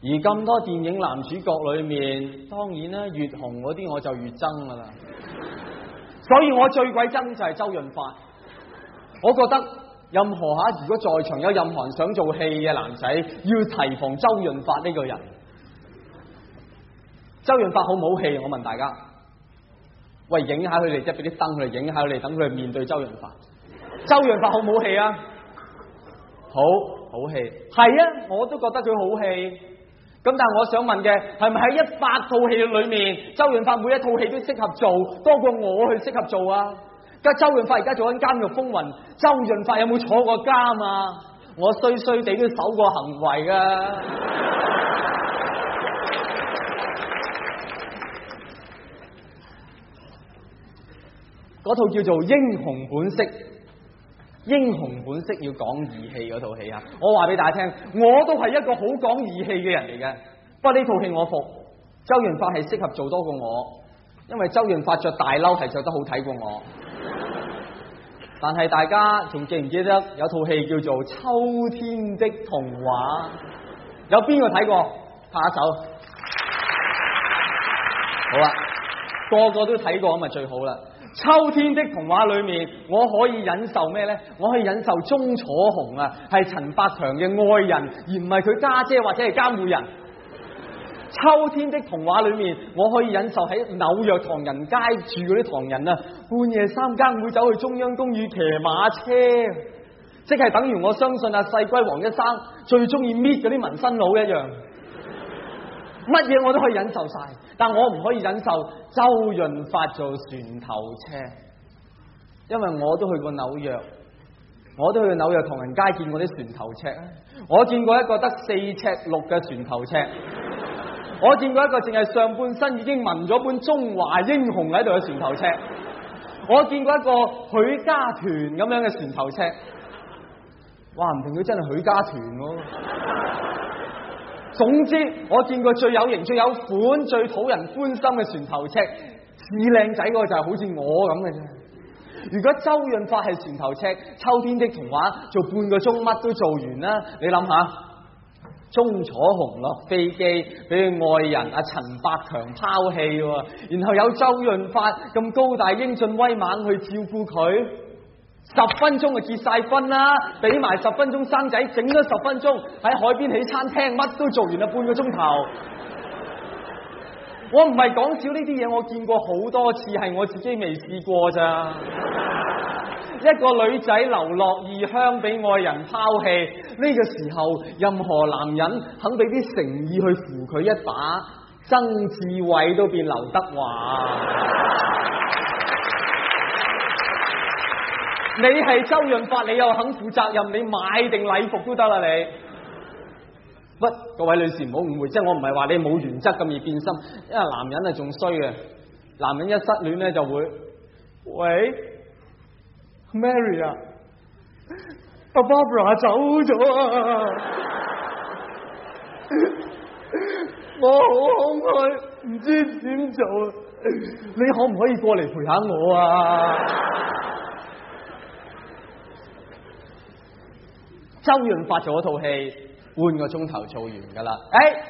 而咁多電影男主角裏面，當然越紅嗰啲我就越憎啦。所以我最鬼憎就係周潤發。我覺得任何下，如果在場有任何人想做戲嘅男仔，要提防周潤發呢個人。周潤發好冇戲，我問大家，喂，影下佢哋即係俾啲燈佢哋影下佢哋，等佢哋面對周潤發。周潤發好冇戲啊！好好戲，係啊，我都覺得佢好戲。咁但係我想問嘅係咪喺一百套戲裏面，周潤發每一套戲都適合做多過我去適合做啊？而家周潤發而家做緊《監獄風雲》，周潤發有冇坐過監啊？我衰衰地都守過行為噶，嗰 套叫做《英雄本色》。英雄本色要講義氣嗰套戲啊！我話俾大家聽，我都係一個好講義氣嘅人嚟嘅。不過呢套戲我服，周潤發係適合做多過我，因為周潤發着大褸係着得好睇過我。 但係大家仲記唔記得有套戲叫做《秋天的童話》？有邊個睇過？拍手。 好啦，個個都睇過咁咪最好啦。秋天的童話裏面，我可以忍受咩呢？我可以忍受鍾楚紅啊，係陳百祥嘅愛人，而唔係佢家姐或者係監護人。秋天的童話裏面，我可以忍受喺紐約唐人街住嗰啲唐人啊，半夜三更會走去中央公園騎馬車，即係等於我相信阿細龜王一生最中意搣嗰啲紋身佬一樣，乜嘢我都可以忍受晒。但我唔可以忍受周潤發做船頭車，因為我都去過紐約，我都去紐約唐人街見過啲船頭車，我見過一個得四尺六嘅船頭車，我見過一個淨係上半身已經紋咗本中華英雄喺度嘅船頭車，我見過一個許家屯咁樣嘅船頭車，話唔定佢真係許家屯喎。總之，我見過最有型、最有款、最討人歡心嘅船頭尺。最靚仔嗰個就係好似我咁嘅啫。如果周潤發係船頭尺，《秋天的童話》做半個鐘乜都做完啦，你諗下，鍾楚紅落飛機俾愛人阿陳百強拋棄，然後有周潤發咁高大英俊威猛去照顧佢。十分鐘就結晒婚啦，俾埋十分鐘生仔，整咗十分鐘喺海邊起餐廳，乜都做完啦，半個鐘頭。我唔係講笑，呢啲嘢我見過好多次，係我自己未試過咋。 一個女仔流落異鄉，俾愛人拋棄，呢個時候任何男人肯俾啲誠意去扶佢一把，曾志偉都變劉德華。 你係周潤發，你又肯負責任，你買定禮服都得啦，啊，你。喂，各位女士唔好誤會，即係我唔係話你冇原則咁易變心，因為男人啊仲衰嘅，男人一失戀咧就會。喂，Mary，阿 Barbara 走咗啊！啊 我好空虛，唔知點做，你可唔可以過嚟陪下我啊？周潤發做嗰套戲半個鐘頭做完噶啦，誒、欸，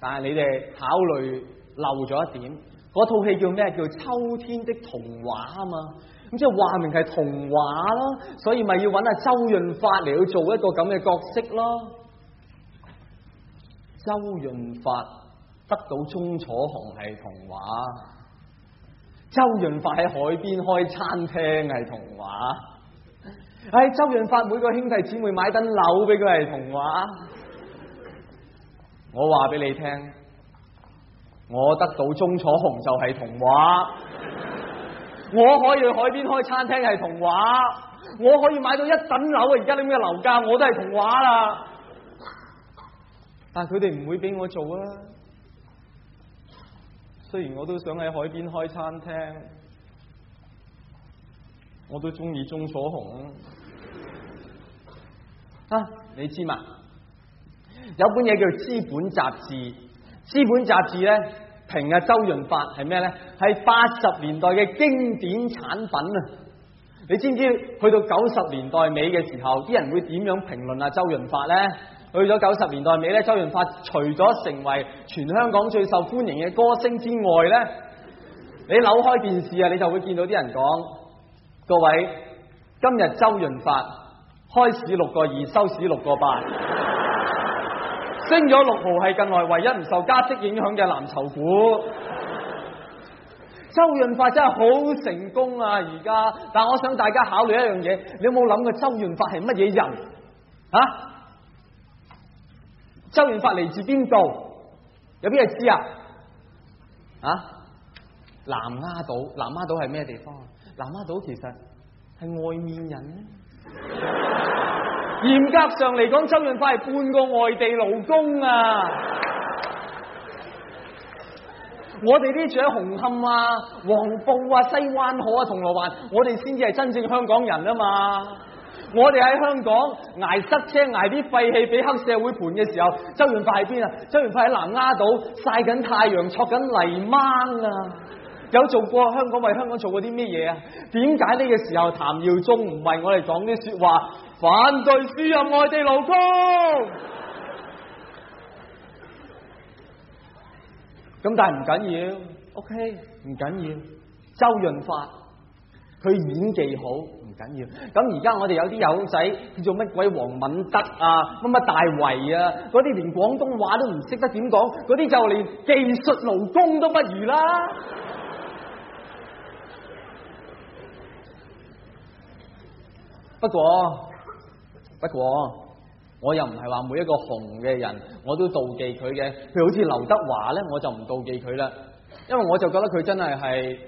但係你哋考慮漏咗一點，嗰套戲叫咩？叫《秋天的童話》啊嘛，咁即係話明係童話囉，所以咪要揾下周潤發嚟，去做一個咁嘅角色咯。周潤發得到鍾楚紅係童話，周潤發喺海邊開餐廳係童話。哎，周潤發每個兄弟姊妹買一棟樓俾佢係童話。我話俾你聽，我得到鍾楚紅就係童話。我可以去海邊開餐廳係童話，我可以買到一棟樓嘅而家咁嘅樓價我都係童話啦。但係佢哋唔會俾我做啊！雖然我都想喺海邊開餐廳，我都喜歡中意鍾楚紅。啊！你知嘛？有本嘢叫《資本雜誌》，《資本雜誌》呢，評阿周潤發係咩呢？係八十年代嘅經典產品啊！你知唔知去到九十年代尾嘅時候，啲人會點樣評論阿周潤發呢？去咗九十年代尾呢，周潤發除咗成為全香港最受歡迎嘅歌星之外呢，你扭開電視啊，你就會見到啲人講：各位，今日周潤發。開市六個二，收市六個八，升咗六毫，係近來唯一唔受加息影響嘅藍籌股。周潤發真係好成功啊！而家，但我想大家考慮一樣嘢，你有冇諗過周潤發係乜嘢人啊？周潤發嚟自邊度？有邊個知啊？啊？南丫島，南丫島係咩地方啊？南丫島其實係外面人。嚴格上嚟講，周潤發係半個外地勞工啊！我哋啲住喺紅磡啊、黃埔啊、西灣河啊、銅鑼灣，我哋先至係真正香港人啊嘛！我哋喺香港捱塞車、捱啲廢氣，俾黑社會盤嘅時候，周潤發喺邊啊？周潤發喺南丫島曬緊太陽、戳緊泥鯭啊！有做過香港，為香港做過啲咩嘢啊？點解呢個時候譚耀宗唔係我哋講啲説話，反對輸入外地勞工？咁 但係唔緊要，OK，唔緊要。周潤發佢演技好，唔緊要。咁而家我哋有啲友仔叫做乜鬼王敏德啊，乜乜大維啊，嗰啲連廣東話都唔識得點講，嗰啲就連技術勞工都不如啦。不過不過，我又唔係話每一個紅嘅人我都妒忌佢嘅，譬如好似劉德華呢，我就唔妒忌佢啦，因為我就覺得佢真係係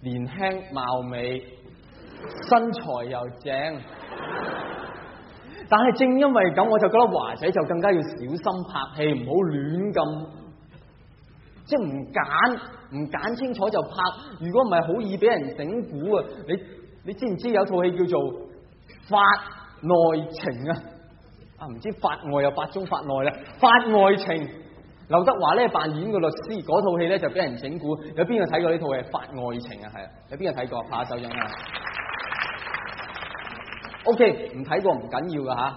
年輕貌美，身材又正。但係正因為咁，我就覺得華仔就更加要小心拍戲，唔好亂咁，即係唔揀唔揀清楚就拍。如果唔係，好易俾人整蠱啊！你你知唔知有套戲叫做？法內情啊，唔知法外又法中法內咧。法外情，劉德華咧扮演個律師，嗰套戲咧就俾人整蠱。有邊個睇過呢套戲？法外情啊，係啊，有邊個睇過？拍下手掌啊！OK，唔睇過唔緊要噶吓，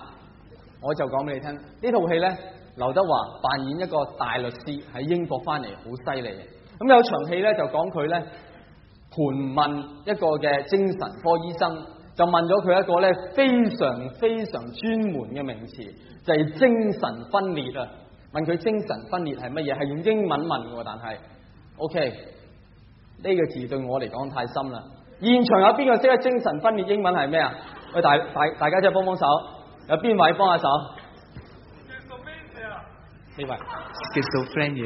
我就講俾你聽呢套戲咧。劉德華扮演一個大律師喺英國翻嚟，好犀利。咁有場戲咧就講佢咧盤問一個嘅精神科醫生。就問咗佢一個咧非常非常專門嘅名詞，就係精神分裂啊！問佢精神分裂係乜嘢？係用英文問嘅，但係 OK，呢個字對我嚟講太深啦。現場有邊個識得精神分裂英文係咩啊？喂，大大大家即係幫幫手，有邊位幫下手？呢位叫做 Friend 影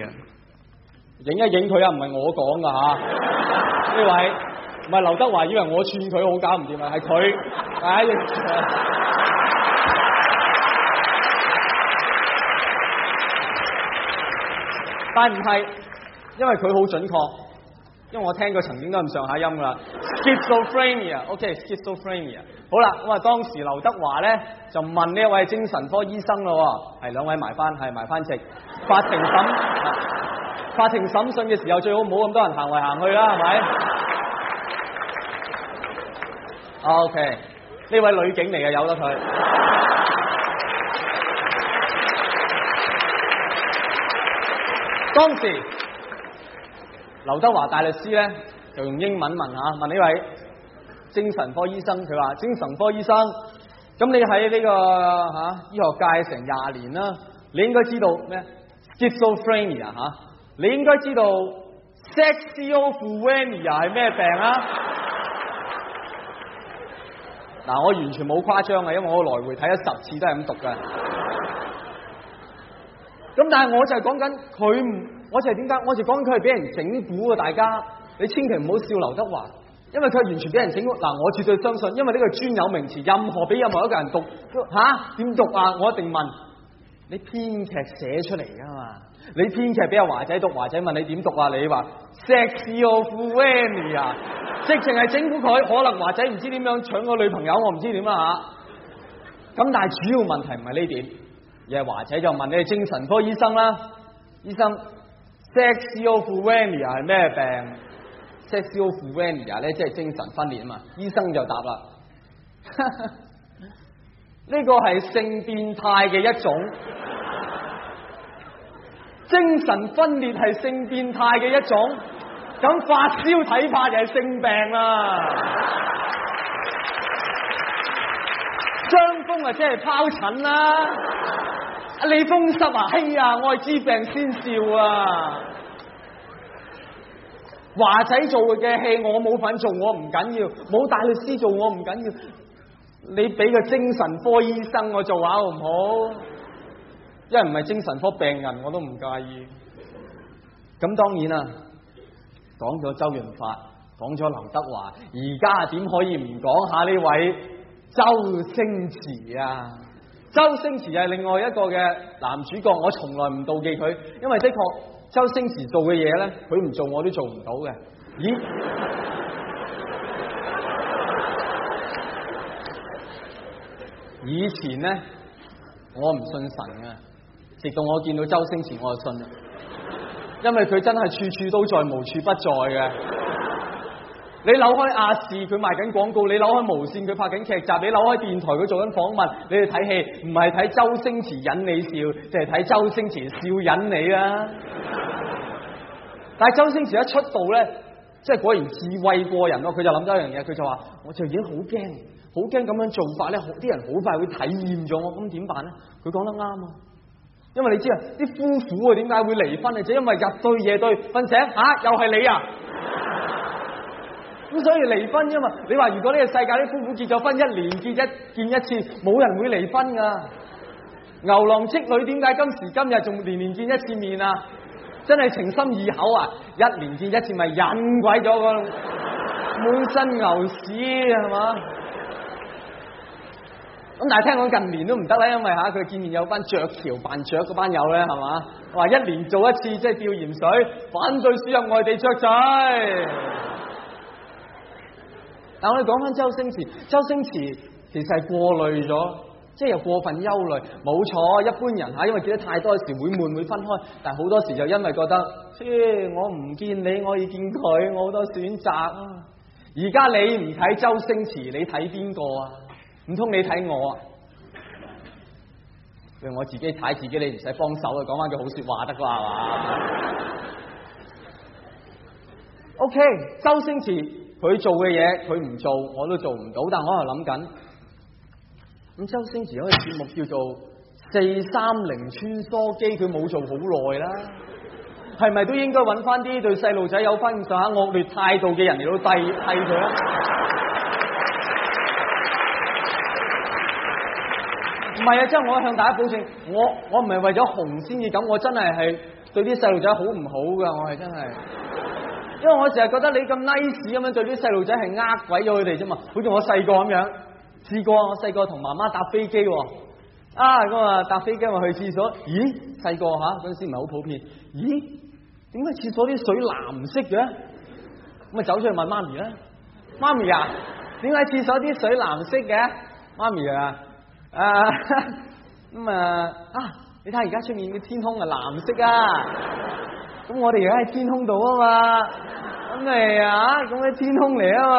一影佢啊！唔係我講噶嚇，呢位。 拍 唔係劉德華，以為我串佢，搞好搞唔掂啊！係佢， 但唔係，因為佢好準確，因為我聽佢曾經都咁上下音噶啦。Schizophrenia，OK，schizophrenia、 okay, Schizophrenia。好啦，咁啊，當時劉德華咧就問呢一位精神科醫生咯，係兩位埋翻，係埋翻席。法庭審，法庭審訊嘅時候，最好唔好咁多人行嚟行去啦，係咪？OK，呢位女警嚟嘅，有得佢。 當時劉德華大律師呢，就用英文問嚇問呢位精神科醫生，佢話：精神科醫生，咁你喺呢、呢個嚇、啊、醫學界成廿年啦，你應該知道咩？Schizophrenia 嚇、啊，你應該知道 Sexiofrenia 係咩病啊？ 嗱，我完全冇誇張啊，因為我來回睇咗十次都係咁讀㗎。咁但係我就係講緊佢，我就係點解？我就講緊佢係俾人整蠱啊！大家，你千祈唔好笑劉德華，因為佢係完全俾人整蠱。嗱，我絕對相信，因為呢個專有名詞，任何俾任何一個人讀，吓、啊、點讀啊？我一定問。你編劇寫出嚟噶嘛？你編劇俾阿華仔讀，華仔問你點讀啊？你話 Sexophrenia 啊？即淨係整蠱佢，可能華仔唔知點樣搶個女朋友，我唔知點啦吓。咁但係主要問題唔係呢點，而係華仔就問你係精神科醫生啦，醫生 Sexophrenia 係咩病？Sexophrenia 咧即係精神分裂啊嘛，醫生就答啦。 呢、這個係性變態嘅一種，精神分裂係性變態嘅一種，咁發燒睇法，就係性病啦。傷風啊，即係疱疹啦。你風濕啊？哎呀，我係知病先笑啊。華仔做嘅戲我冇份做，我唔緊要，冇大律師做我唔緊要。你俾個精神科醫生我做下好唔好？因為唔係精神科病人，我都唔介意。咁當然啦，啊，講咗周潤發，講咗劉德華，而家點可以唔講下呢位周星馳啊？周星馳係另外一個嘅男主角，我從來唔妒忌佢，因為的確周星馳做嘅嘢呢，佢唔做我都做唔到嘅。咦？ 以前呢，我唔信神啊！直到我見到周星馳，我就信啦。因為佢真係處處都在，無處不在嘅。你扭開亞視，佢賣緊廣告；你扭開無綫，佢拍緊劇集；你扭開電台，佢做緊訪問。你哋睇戲唔係睇周星馳引你笑，就係睇周星馳笑引你啊！ 但係周星馳一出道呢，即係果然智慧過人咯。佢就諗咗一樣嘢，佢就話：我就已經好驚。好驚咁樣做法咧，啲人好快會體驗咗我，咁點辦咧？佢講得啱啊，因為你知啊，啲夫婦點解會離婚啊？就是，因為日對夜對，瞓醒吓、啊、又係你啊！咁所以離婚啫嘛。你話如果呢個世界啲夫婦結咗婚一年結一見一次，冇人會離婚噶。牛郎織女點解今時今日仲年年見一次面啊？真係情深意厚啊！一年見一次咪引鬼咗個，滿身牛屎係嘛？咁但係聽講近年都唔得啦，因為吓佢、啊、見面有班雀橋扮雀嗰班友咧，係嘛？話一年做一次即係吊鹽水，反對輸入外地雀仔。 但我哋講翻周星馳，周星馳其實係過濾咗，即係又過分憂慮。冇錯，一般人吓、啊、因為見得太多時會悶會分開，但係好多時就因為覺得，我唔見你，我以見佢，我好多選擇、啊。而家你唔睇周星馳，你睇邊個啊？唔通你睇我啊？用我自己睇自己，你唔使幫手啊！講翻句好說話得啩，係嘛？OK，周星馳佢做嘅嘢，佢唔做，我都做唔到。但我又諗緊，咁周星馳嗰個節目叫做《四三零穿梭機》，佢冇做好耐啦，係咪都應該揾翻啲對細路仔有分咁上下惡劣態度嘅人嚟到替替佢？ 係啊，即係我向大家保證，我我唔係為咗紅先至咁，我真係係對啲細路仔好唔好㗎，我係真係，因為我淨係覺得你咁 Nice 咁樣對啲細路仔係呃鬼咗佢哋啫嘛。好似我細個咁樣，試過我細個同媽媽搭飛機，啊，啊咁啊搭飛機我去廁所，咦細個吓嗰陣時唔係好普遍，咦點解廁所啲水藍色嘅？咁啊走出去問媽咪啦，媽咪啊，點解廁所啲水藍色嘅？媽咪啊。咁、uh, 嗯 uh, 啊！你睇下而家出面嘅天空嘅、啊、藍色啊！咁 我哋而家喺天空度啊嘛，咁咪啊，咁 喺天空嚟啊嘛！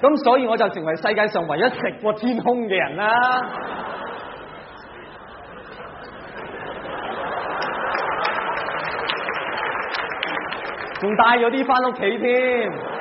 咁 所以我就成為世界上唯一食過天空嘅人啦、啊，仲帶咗啲翻屋企添。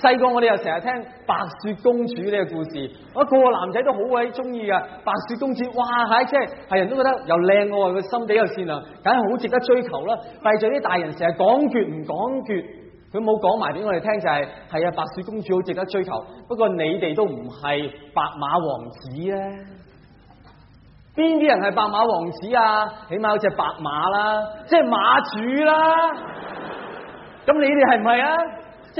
細個我哋又成日聽白雪公主呢個故事，我一個個男仔都好鬼中意嘅白雪公主，哇！係即係人都覺得又靚喎，佢心地又善良，梗係好值得追求啦。但咗啲大人成日講絕唔講絕，佢冇講埋俾我哋聽就係、係、係啊，白雪公主好值得追求。不過你哋都唔係白馬王子咧、啊，邊啲人係白馬王子啊？起碼有隻白馬啦，即、就、係、係、馬主啦。咁你哋係唔係啊？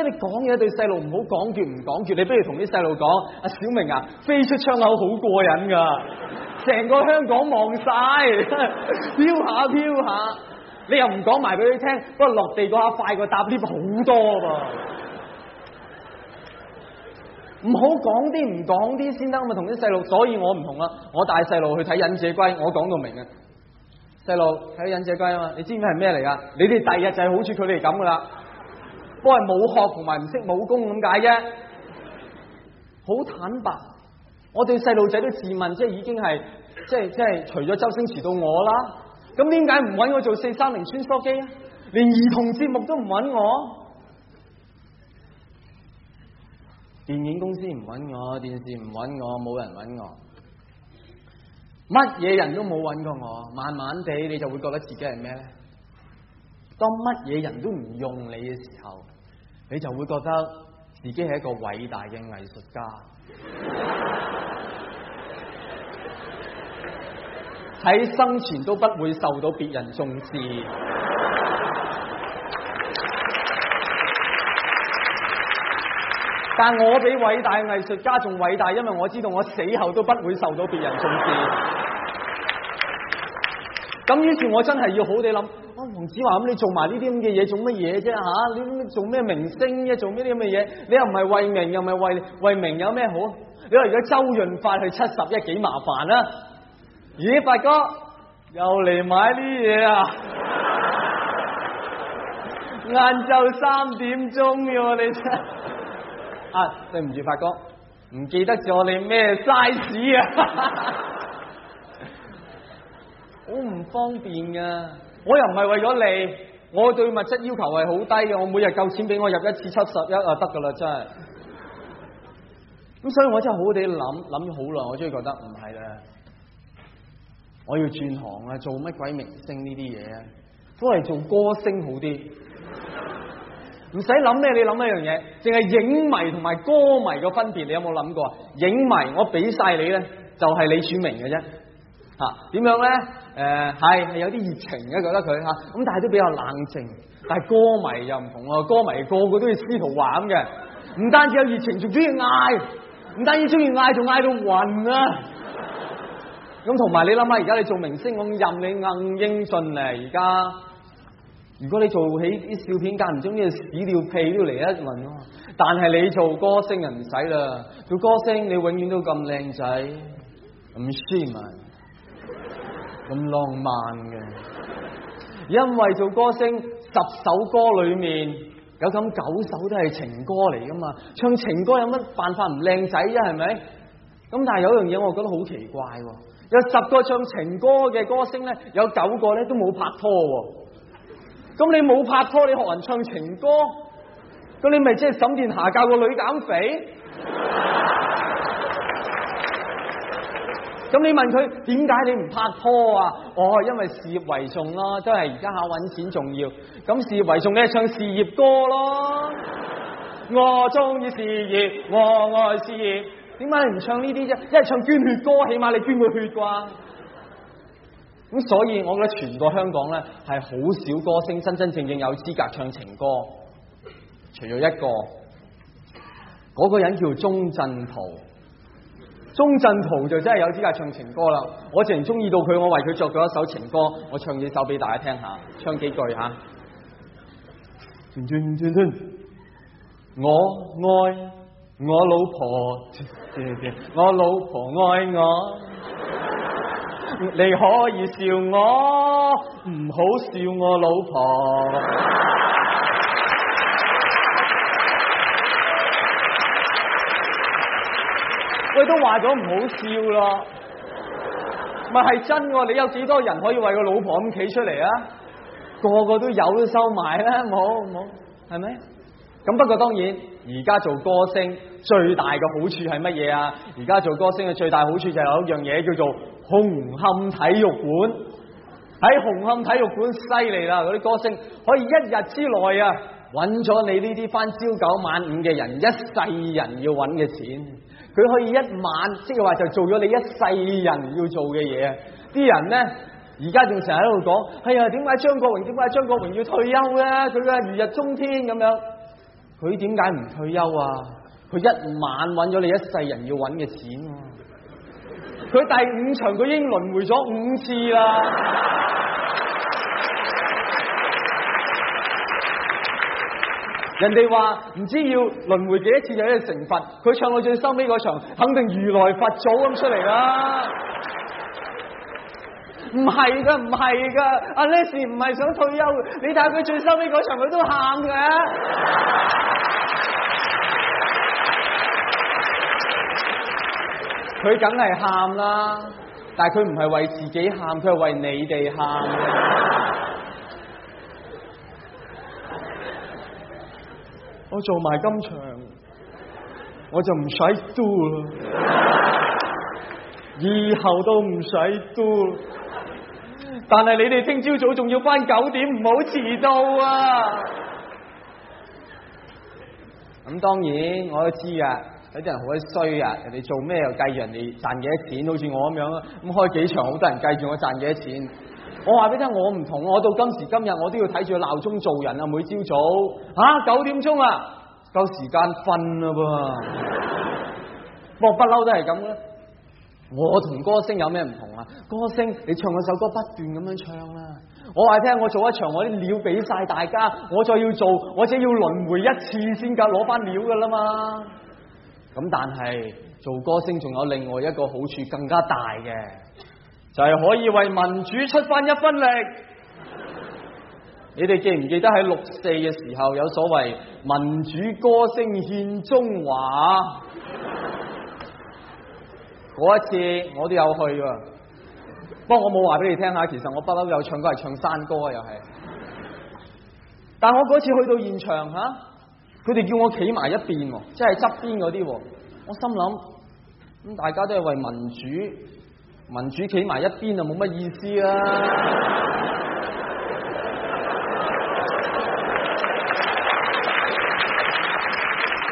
即係你講嘢對細路唔好講住，唔講住。你不如同啲細路講，阿小明啊，飛出窗口好過癮噶、啊，成個香港望晒，飄下飄下，你又唔講埋俾佢聽，不過落地嗰下快過搭 lift 好多噃，啊，唔好講啲唔講啲先得，咪同啲細路，所以我唔同啊，我帶細路去睇忍者龜，我講到明啊，細路睇忍者龜啊嘛，你知唔知係咩嚟噶？你哋第日就係好似佢哋咁噶啦。過係冇學同埋唔識武功咁解啫，好坦白，我對細路仔都自問，即係已經係，即係即係，除咗周星馳到我啦，咁點解唔搵我做四三零穿梭機？連兒童節目都唔搵我，電影公司唔搵我，電視唔搵我，冇人搵我，乜嘢人都冇搵過我，慢慢地你就會覺得自己係咩咧？當乜嘢人都唔用你嘅時候，你就會覺得自己係一個偉大嘅藝術家，喺生前都不會受到別人重視。但我比偉大藝術家仲偉大，因為我知道我死後都不會受到別人重視。咁於是，我真係要好地諗。阿黃子華咁，你做埋呢啲咁嘅嘢做乜嘢啫？吓、啊，你做咩明星啫？做咩啲咁嘅嘢？你又唔係為名，又唔係為為名，有咩好？你話而家周潤發去七十一，幾麻煩啊？咦，發哥又嚟買啲嘢啊？晏晝三點鐘嘅、啊，你真啊，對唔住發哥，唔記得咗你咩 size 啊？好唔方便噶、啊。我又唔係為咗你，我對物質要求係好低嘅。我每日夠錢俾我入一次七十一啊，得噶啦，真係。咁所以我真係好好地諗諗咗好耐，我終於覺得唔係啦，我要轉行啊，做乜鬼明星呢啲嘢啊，都係做歌星好啲，唔使諗咩，你諗一樣嘢，淨係影迷同埋歌迷嘅分別，你有冇諗過？影迷我俾晒你咧，就係李選明嘅啫，吓、啊、點樣咧？誒、呃，係係有啲熱情嘅，覺得佢吓，咁但係都比較冷靜。但係歌迷又唔同啊，歌迷個個都要師徒玩嘅，唔單止有熱情，仲中意嗌，唔單止中意嗌，仲嗌到暈啊！咁同埋你諗下，而家你做明星，咁任你硬英俊嚟。而家如果你做起啲笑片間，間唔中啲屎尿屁都要嚟一輪咯。但係你做歌星人唔使啦，做歌星你永遠都咁靚仔，唔輸埋。咁浪漫嘅，因為做歌星十首歌裏面有咁九首都係情歌嚟噶嘛，唱情歌有乜辦法唔靚仔啫？係咪？咁但係有樣嘢我覺得好奇怪，有十個唱情歌嘅歌星呢，有九個呢都冇拍拖，咁你冇拍拖你學人唱情歌，咁你咪即係沈殿霞教個女減肥？ 咁你問佢點解你唔拍拖啊？我係因為事業為重咯，都係而家考搵錢重要。咁事業為重咧，你係唱事業歌咯。 我中意事業，我愛事業。點解你唔唱呢啲啫？一係唱捐血歌，起碼你捐過血啩。咁所以我覺得全個香港咧係好少歌星真真正正有資格唱情歌，除咗一個，嗰、那個人叫鍾鎮濤。鍾鎮濤就真係有資格唱情歌啦！我淨係中意到佢，我為佢作咗一首情歌，我唱幾首俾大家聽下，唱幾句吓。轉轉轉，我愛我老婆，我老婆愛我，你可以笑我，唔好笑我老婆。佢都話咗唔好笑咯，咪係真？你有幾多人可以為個老婆咁企出嚟啊？個個都有都收埋啦，冇冇係咪？咁不過當然，而家做歌星最大嘅好處係乜嘢啊？而家做歌星嘅最大好處就係有一樣嘢叫做紅磡體育館。喺紅磡體育館犀利啦！嗰啲歌星可以一日之內啊，搵咗你呢啲返朝九晚五嘅人一世人要搵嘅錢。佢可以一晚，即係話就是，做咗你一世人要做嘅嘢。啲人咧而家仲成日喺度講，哎呀，點解張國榮點解張國榮要退休咧？佢嘅如日中天咁樣，佢點解唔退休啊？佢一晚揾咗你一世人要揾嘅錢，佢第五場佢已經輪回咗五次啦。 人哋話唔知要輪回幾多次，就一成佛。佢唱到最收尾嗰場，肯定如來佛祖咁出嚟啦。唔係噶，唔係噶，阿 Les 唔係想退休，你睇下佢最收尾嗰場，佢都喊嘅。佢梗係喊啦，但係佢唔係為自己喊，佢係為你哋喊。我做埋今場，我就唔使 do 啦， 以後都唔使 do。但係你哋聽朝早仲要返九點，唔好遲到啊！咁當然我都知啊，有啲人好鬼衰啊，人哋做咩又計住人哋賺幾多錢，好似我咁樣啊。咁開幾場好多人計住我賺幾多錢。我話俾你聽，我唔同，我到今時今日，我都要睇住個鬧鐘做人啊！每朝早吓九點鐘啊，夠時間瞓啦噃。不過不嬲都係咁啦。我同歌星有咩唔同啊？歌星你唱嗰首歌不斷咁樣唱啦。我話俾你聽，我做一場，我啲料俾晒大家。我再要做，我即係要輪迴一次先夠攞翻料噶啦嘛。咁但係做歌星仲有另外一個好處更加大嘅。就係可以為民主出翻一分力。你哋記唔記得喺六四嘅時候，有所謂民主歌聲獻中華嗰一次，我都有去。不過我冇話俾你聽下，其實我不嬲有唱歌係唱山歌呀又係。但我嗰次去到現場吓，佢哋叫我企埋一邊，即係側邊嗰啲。我心諗咁，大家都係為民主。民主企埋一邊就冇乜意思啊，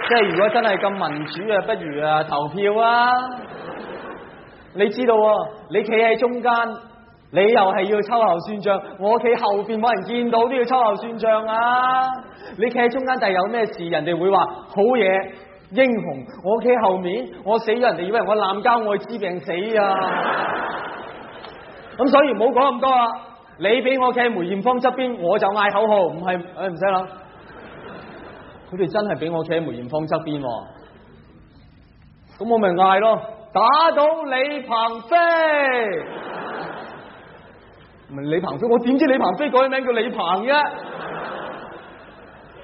即係如果真係咁民主啊，不如啊投票啊，你知道啊，你企喺中間，你又係要秋後算賬，我企後邊冇人見到都要秋後算賬啊，你企喺中間就有咩事，人哋會話好嘢。英雄，我企喺後面，我死咗人哋以為我濫交愛滋病死啊！咁 所以唔好講咁多啦。你俾我企喺梅艷芳側邊，我就嗌口號，唔係誒唔使諗。佢哋 真係俾我企喺梅艷芳側邊，咁我咪嗌咯。打倒李鵬飛，唔係 李鵬飛，我點知李鵬飛改名叫李鵬嘅？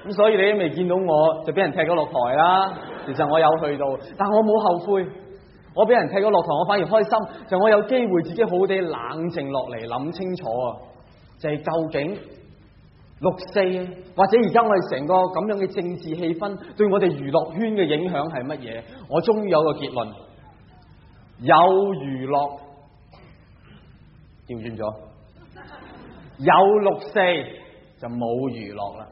咁所以你都未見到我就俾人踢咗落台啦。其實我有去到，但係我冇後悔。我俾人踢咗落台，我反而開心。就我有機會自己好哋冷靜落嚟諗清楚啊！就係究竟六四，或者而家我哋成個咁樣嘅政治氣氛對我哋娛樂圈嘅影響係乜嘢？我終於有個結論：有娛樂調轉咗，有六四就冇娛樂啦。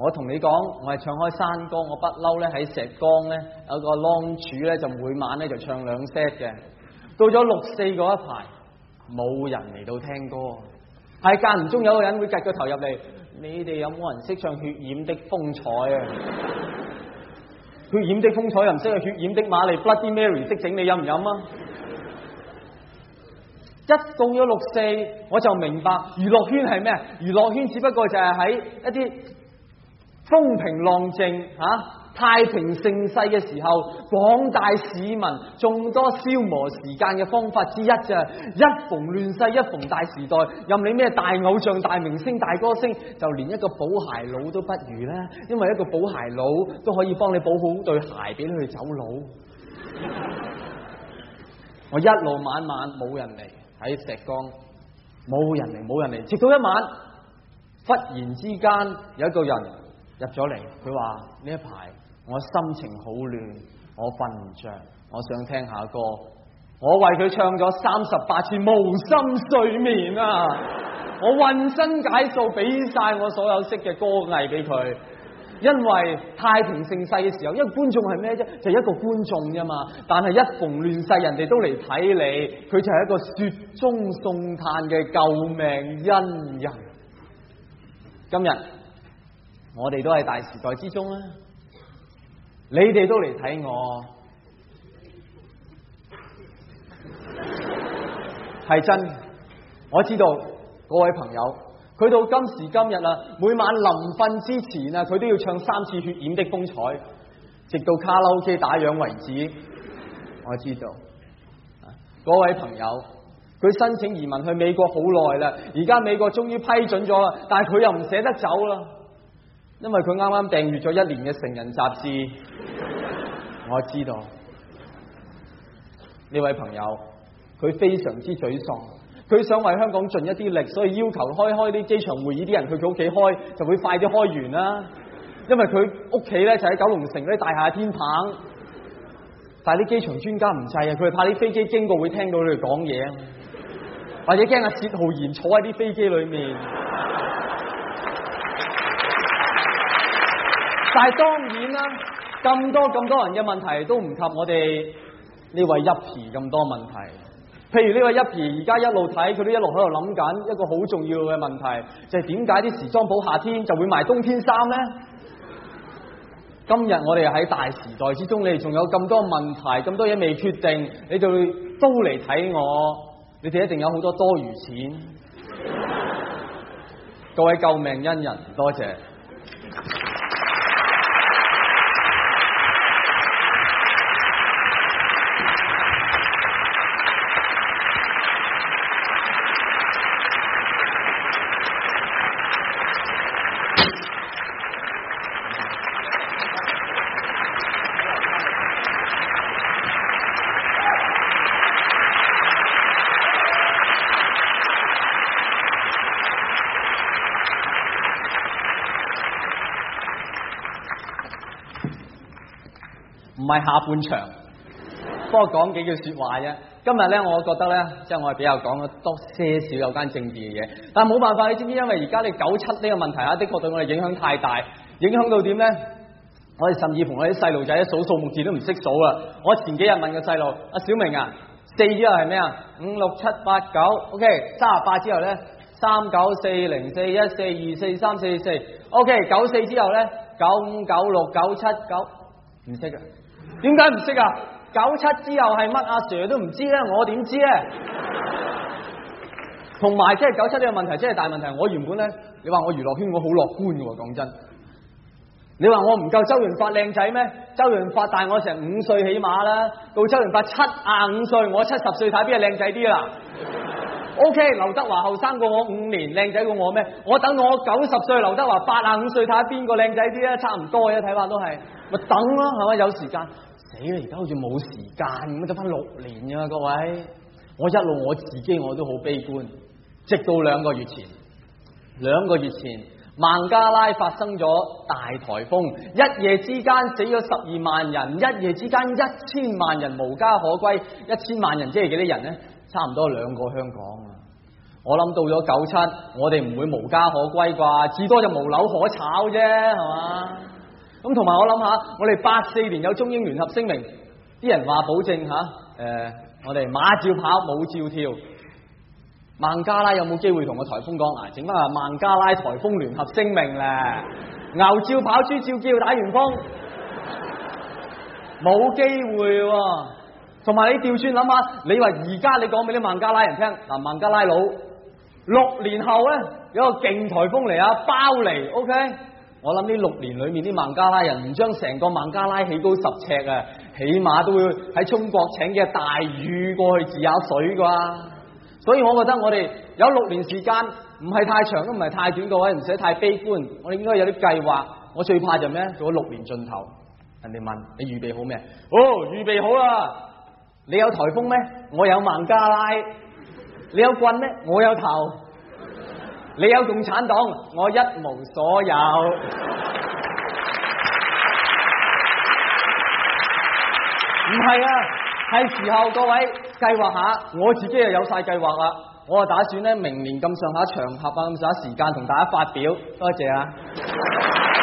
我同你講，我係唱開山歌，我不嬲咧喺石江咧有個 long 柱咧，就每晚咧就唱兩 set 嘅。到咗六四嗰一排，冇人嚟到聽歌，係間唔中有個人會夾個頭入嚟。你哋有冇人識唱血染的風采啊？血染的風采又唔識啊？ 血染的瑪麗 （Bloody Mary） 識整，你飲唔飲啊？ 一到咗六四，我就明白娛樂圈係咩？娛樂圈只不過就係喺一啲。風平浪靜吓、啊、太平盛世嘅時候，廣大市民眾多消磨時間嘅方法之一就一逢亂世，一逢大時代，任你咩大偶像、大明星、大歌星，就連一個補鞋佬都不如啦。因為一個補鞋佬都可以幫你補好對鞋俾你去走佬。 我一路晚晚冇人嚟喺石崗，冇人嚟，冇人嚟，直到一晚忽然之間有一個人，入咗嚟，佢話呢一排我心情好亂，我瞓唔着，我想聽下歌。我為佢唱咗三十八次無心睡眠啊！我渾身解數俾晒我所有識嘅歌藝俾佢，因為太平盛世嘅時候，因為觀眾係咩啫？就一個觀眾啫嘛。但係一逢亂世，人哋都嚟睇你，佢就係一個雪中送炭嘅救命恩人。今日。我哋都係大時代之中啊，你哋都嚟睇我係 真。我知道嗰位朋友，佢到今時今日啊，每晚臨瞓之前啊，佢都要唱三次《血染的風采》，直到卡拉 OK 打烊為止。我知道嗰位朋友，佢申請移民去美國好耐啦，而家美國終於批准咗啦，但係佢又唔捨得走啦。因為佢啱啱訂閱咗一年嘅成人雜誌，我知道呢位朋友，佢非常之沮喪，佢想為香港盡一啲力，所以要求開開啲機場會議啲人去佢屋企開，就會快啲開完啦。因為佢屋企咧就喺九龍城嗰啲大廈天棚，但係啲機場專家唔制啊，佢係怕啲飛機經過會聽到佢哋講嘢，或者驚阿薛浩然坐喺啲飛機裏面。但係當然啦，咁多咁多人嘅問題都唔及我哋呢位一皮咁多問題。譬如呢位現在一皮而家一路睇，佢都一路喺度諗緊一個好重要嘅問題，就係點解啲時裝鋪夏天就會賣冬天衫咧？今日我哋喺大時代之中，你哋仲有咁多問題，咁多嘢未決定，你就都嚟睇我，你哋一定有好多多餘錢。各位救命恩人，多謝、謝。係下半場，不過講幾句說話啫。今日咧，我覺得咧，即係我係比較講多些少有關政治嘅嘢，但係冇辦法，你知唔知？因為而家你九七呢個問題啊，的確對我哋影響太大，影響到點咧？我哋甚至乎我啲細路仔數數目字都唔識數啦。我前幾日問個細路，阿小明啊，四之後係咩啊？五六七八九，OK，三十八之後咧，三九四零四一四二四三四四，OK，九四之後咧，九五九六九七九，唔識啊。點解唔識啊？九七之後係乜阿 Sir 都唔知咧，我點知咧？同埋即係九七呢個問題，真係大問題。我原本咧，你話我娛樂圈我好樂觀嘅，講真。你話我唔夠周潤發靚仔咩？周潤發大我成五歲起碼啦，到周潤發七啊五歲，我七十歲睇邊個靚仔啲啦？OK，劉德華後生過我五年，靚仔過我咩？我等我九十歲，劉德華八啊五歲睇下邊個靚仔啲啊？差唔多嘅，睇法都係咪等啦？係咪有時間？死啦！而家好似冇時間咁，得翻，六年啊，各位。我一路我自己我都好悲觀，直到兩個月前。兩個月前，孟加拉發生咗大台風，一夜之間死咗十二萬人，一夜之間一千萬人無家可歸。一千萬人即係幾多人呢？差唔多兩個香港啊！我諗到咗九七，我哋唔會無家可歸啩，至多就無樓可炒啫，係嘛？咁同埋我諗下，我哋八四年有中英聯合聲明，啲人話保證吓，誒、啊，我哋馬照跑，舞照跳，孟加拉有冇機會同個台風講啊？整翻個孟加拉台風聯合聲明咧，牛照跑，豬照叫，打完風，冇機會、啊。同埋你調轉諗下，你話而家你講俾啲孟加拉人聽，嗱，孟加拉佬六年後咧有個勁台風嚟啊，包嚟，OK？我諗呢六年裏面，啲孟加拉人唔將成個孟加拉起高十尺啊，起碼都會喺中國請嘅大雨過去治下水啩、啊。所以我覺得我哋有六年時間，唔係太長都唔係太短各位，唔使太悲觀。我哋應該有啲計劃。我最怕就咩？做咗六年盡頭，人哋問你預備好咩？哦，預備好啦！你有台風咩？我有孟加拉。你有棍咩？我有頭。你有共產黨，我一無所有。唔係啊，係時候各位計劃下，我自己又有晒計劃啦。我就打算咧，明年咁上下場合啊，咁上下時間同大家發表，多謝啊！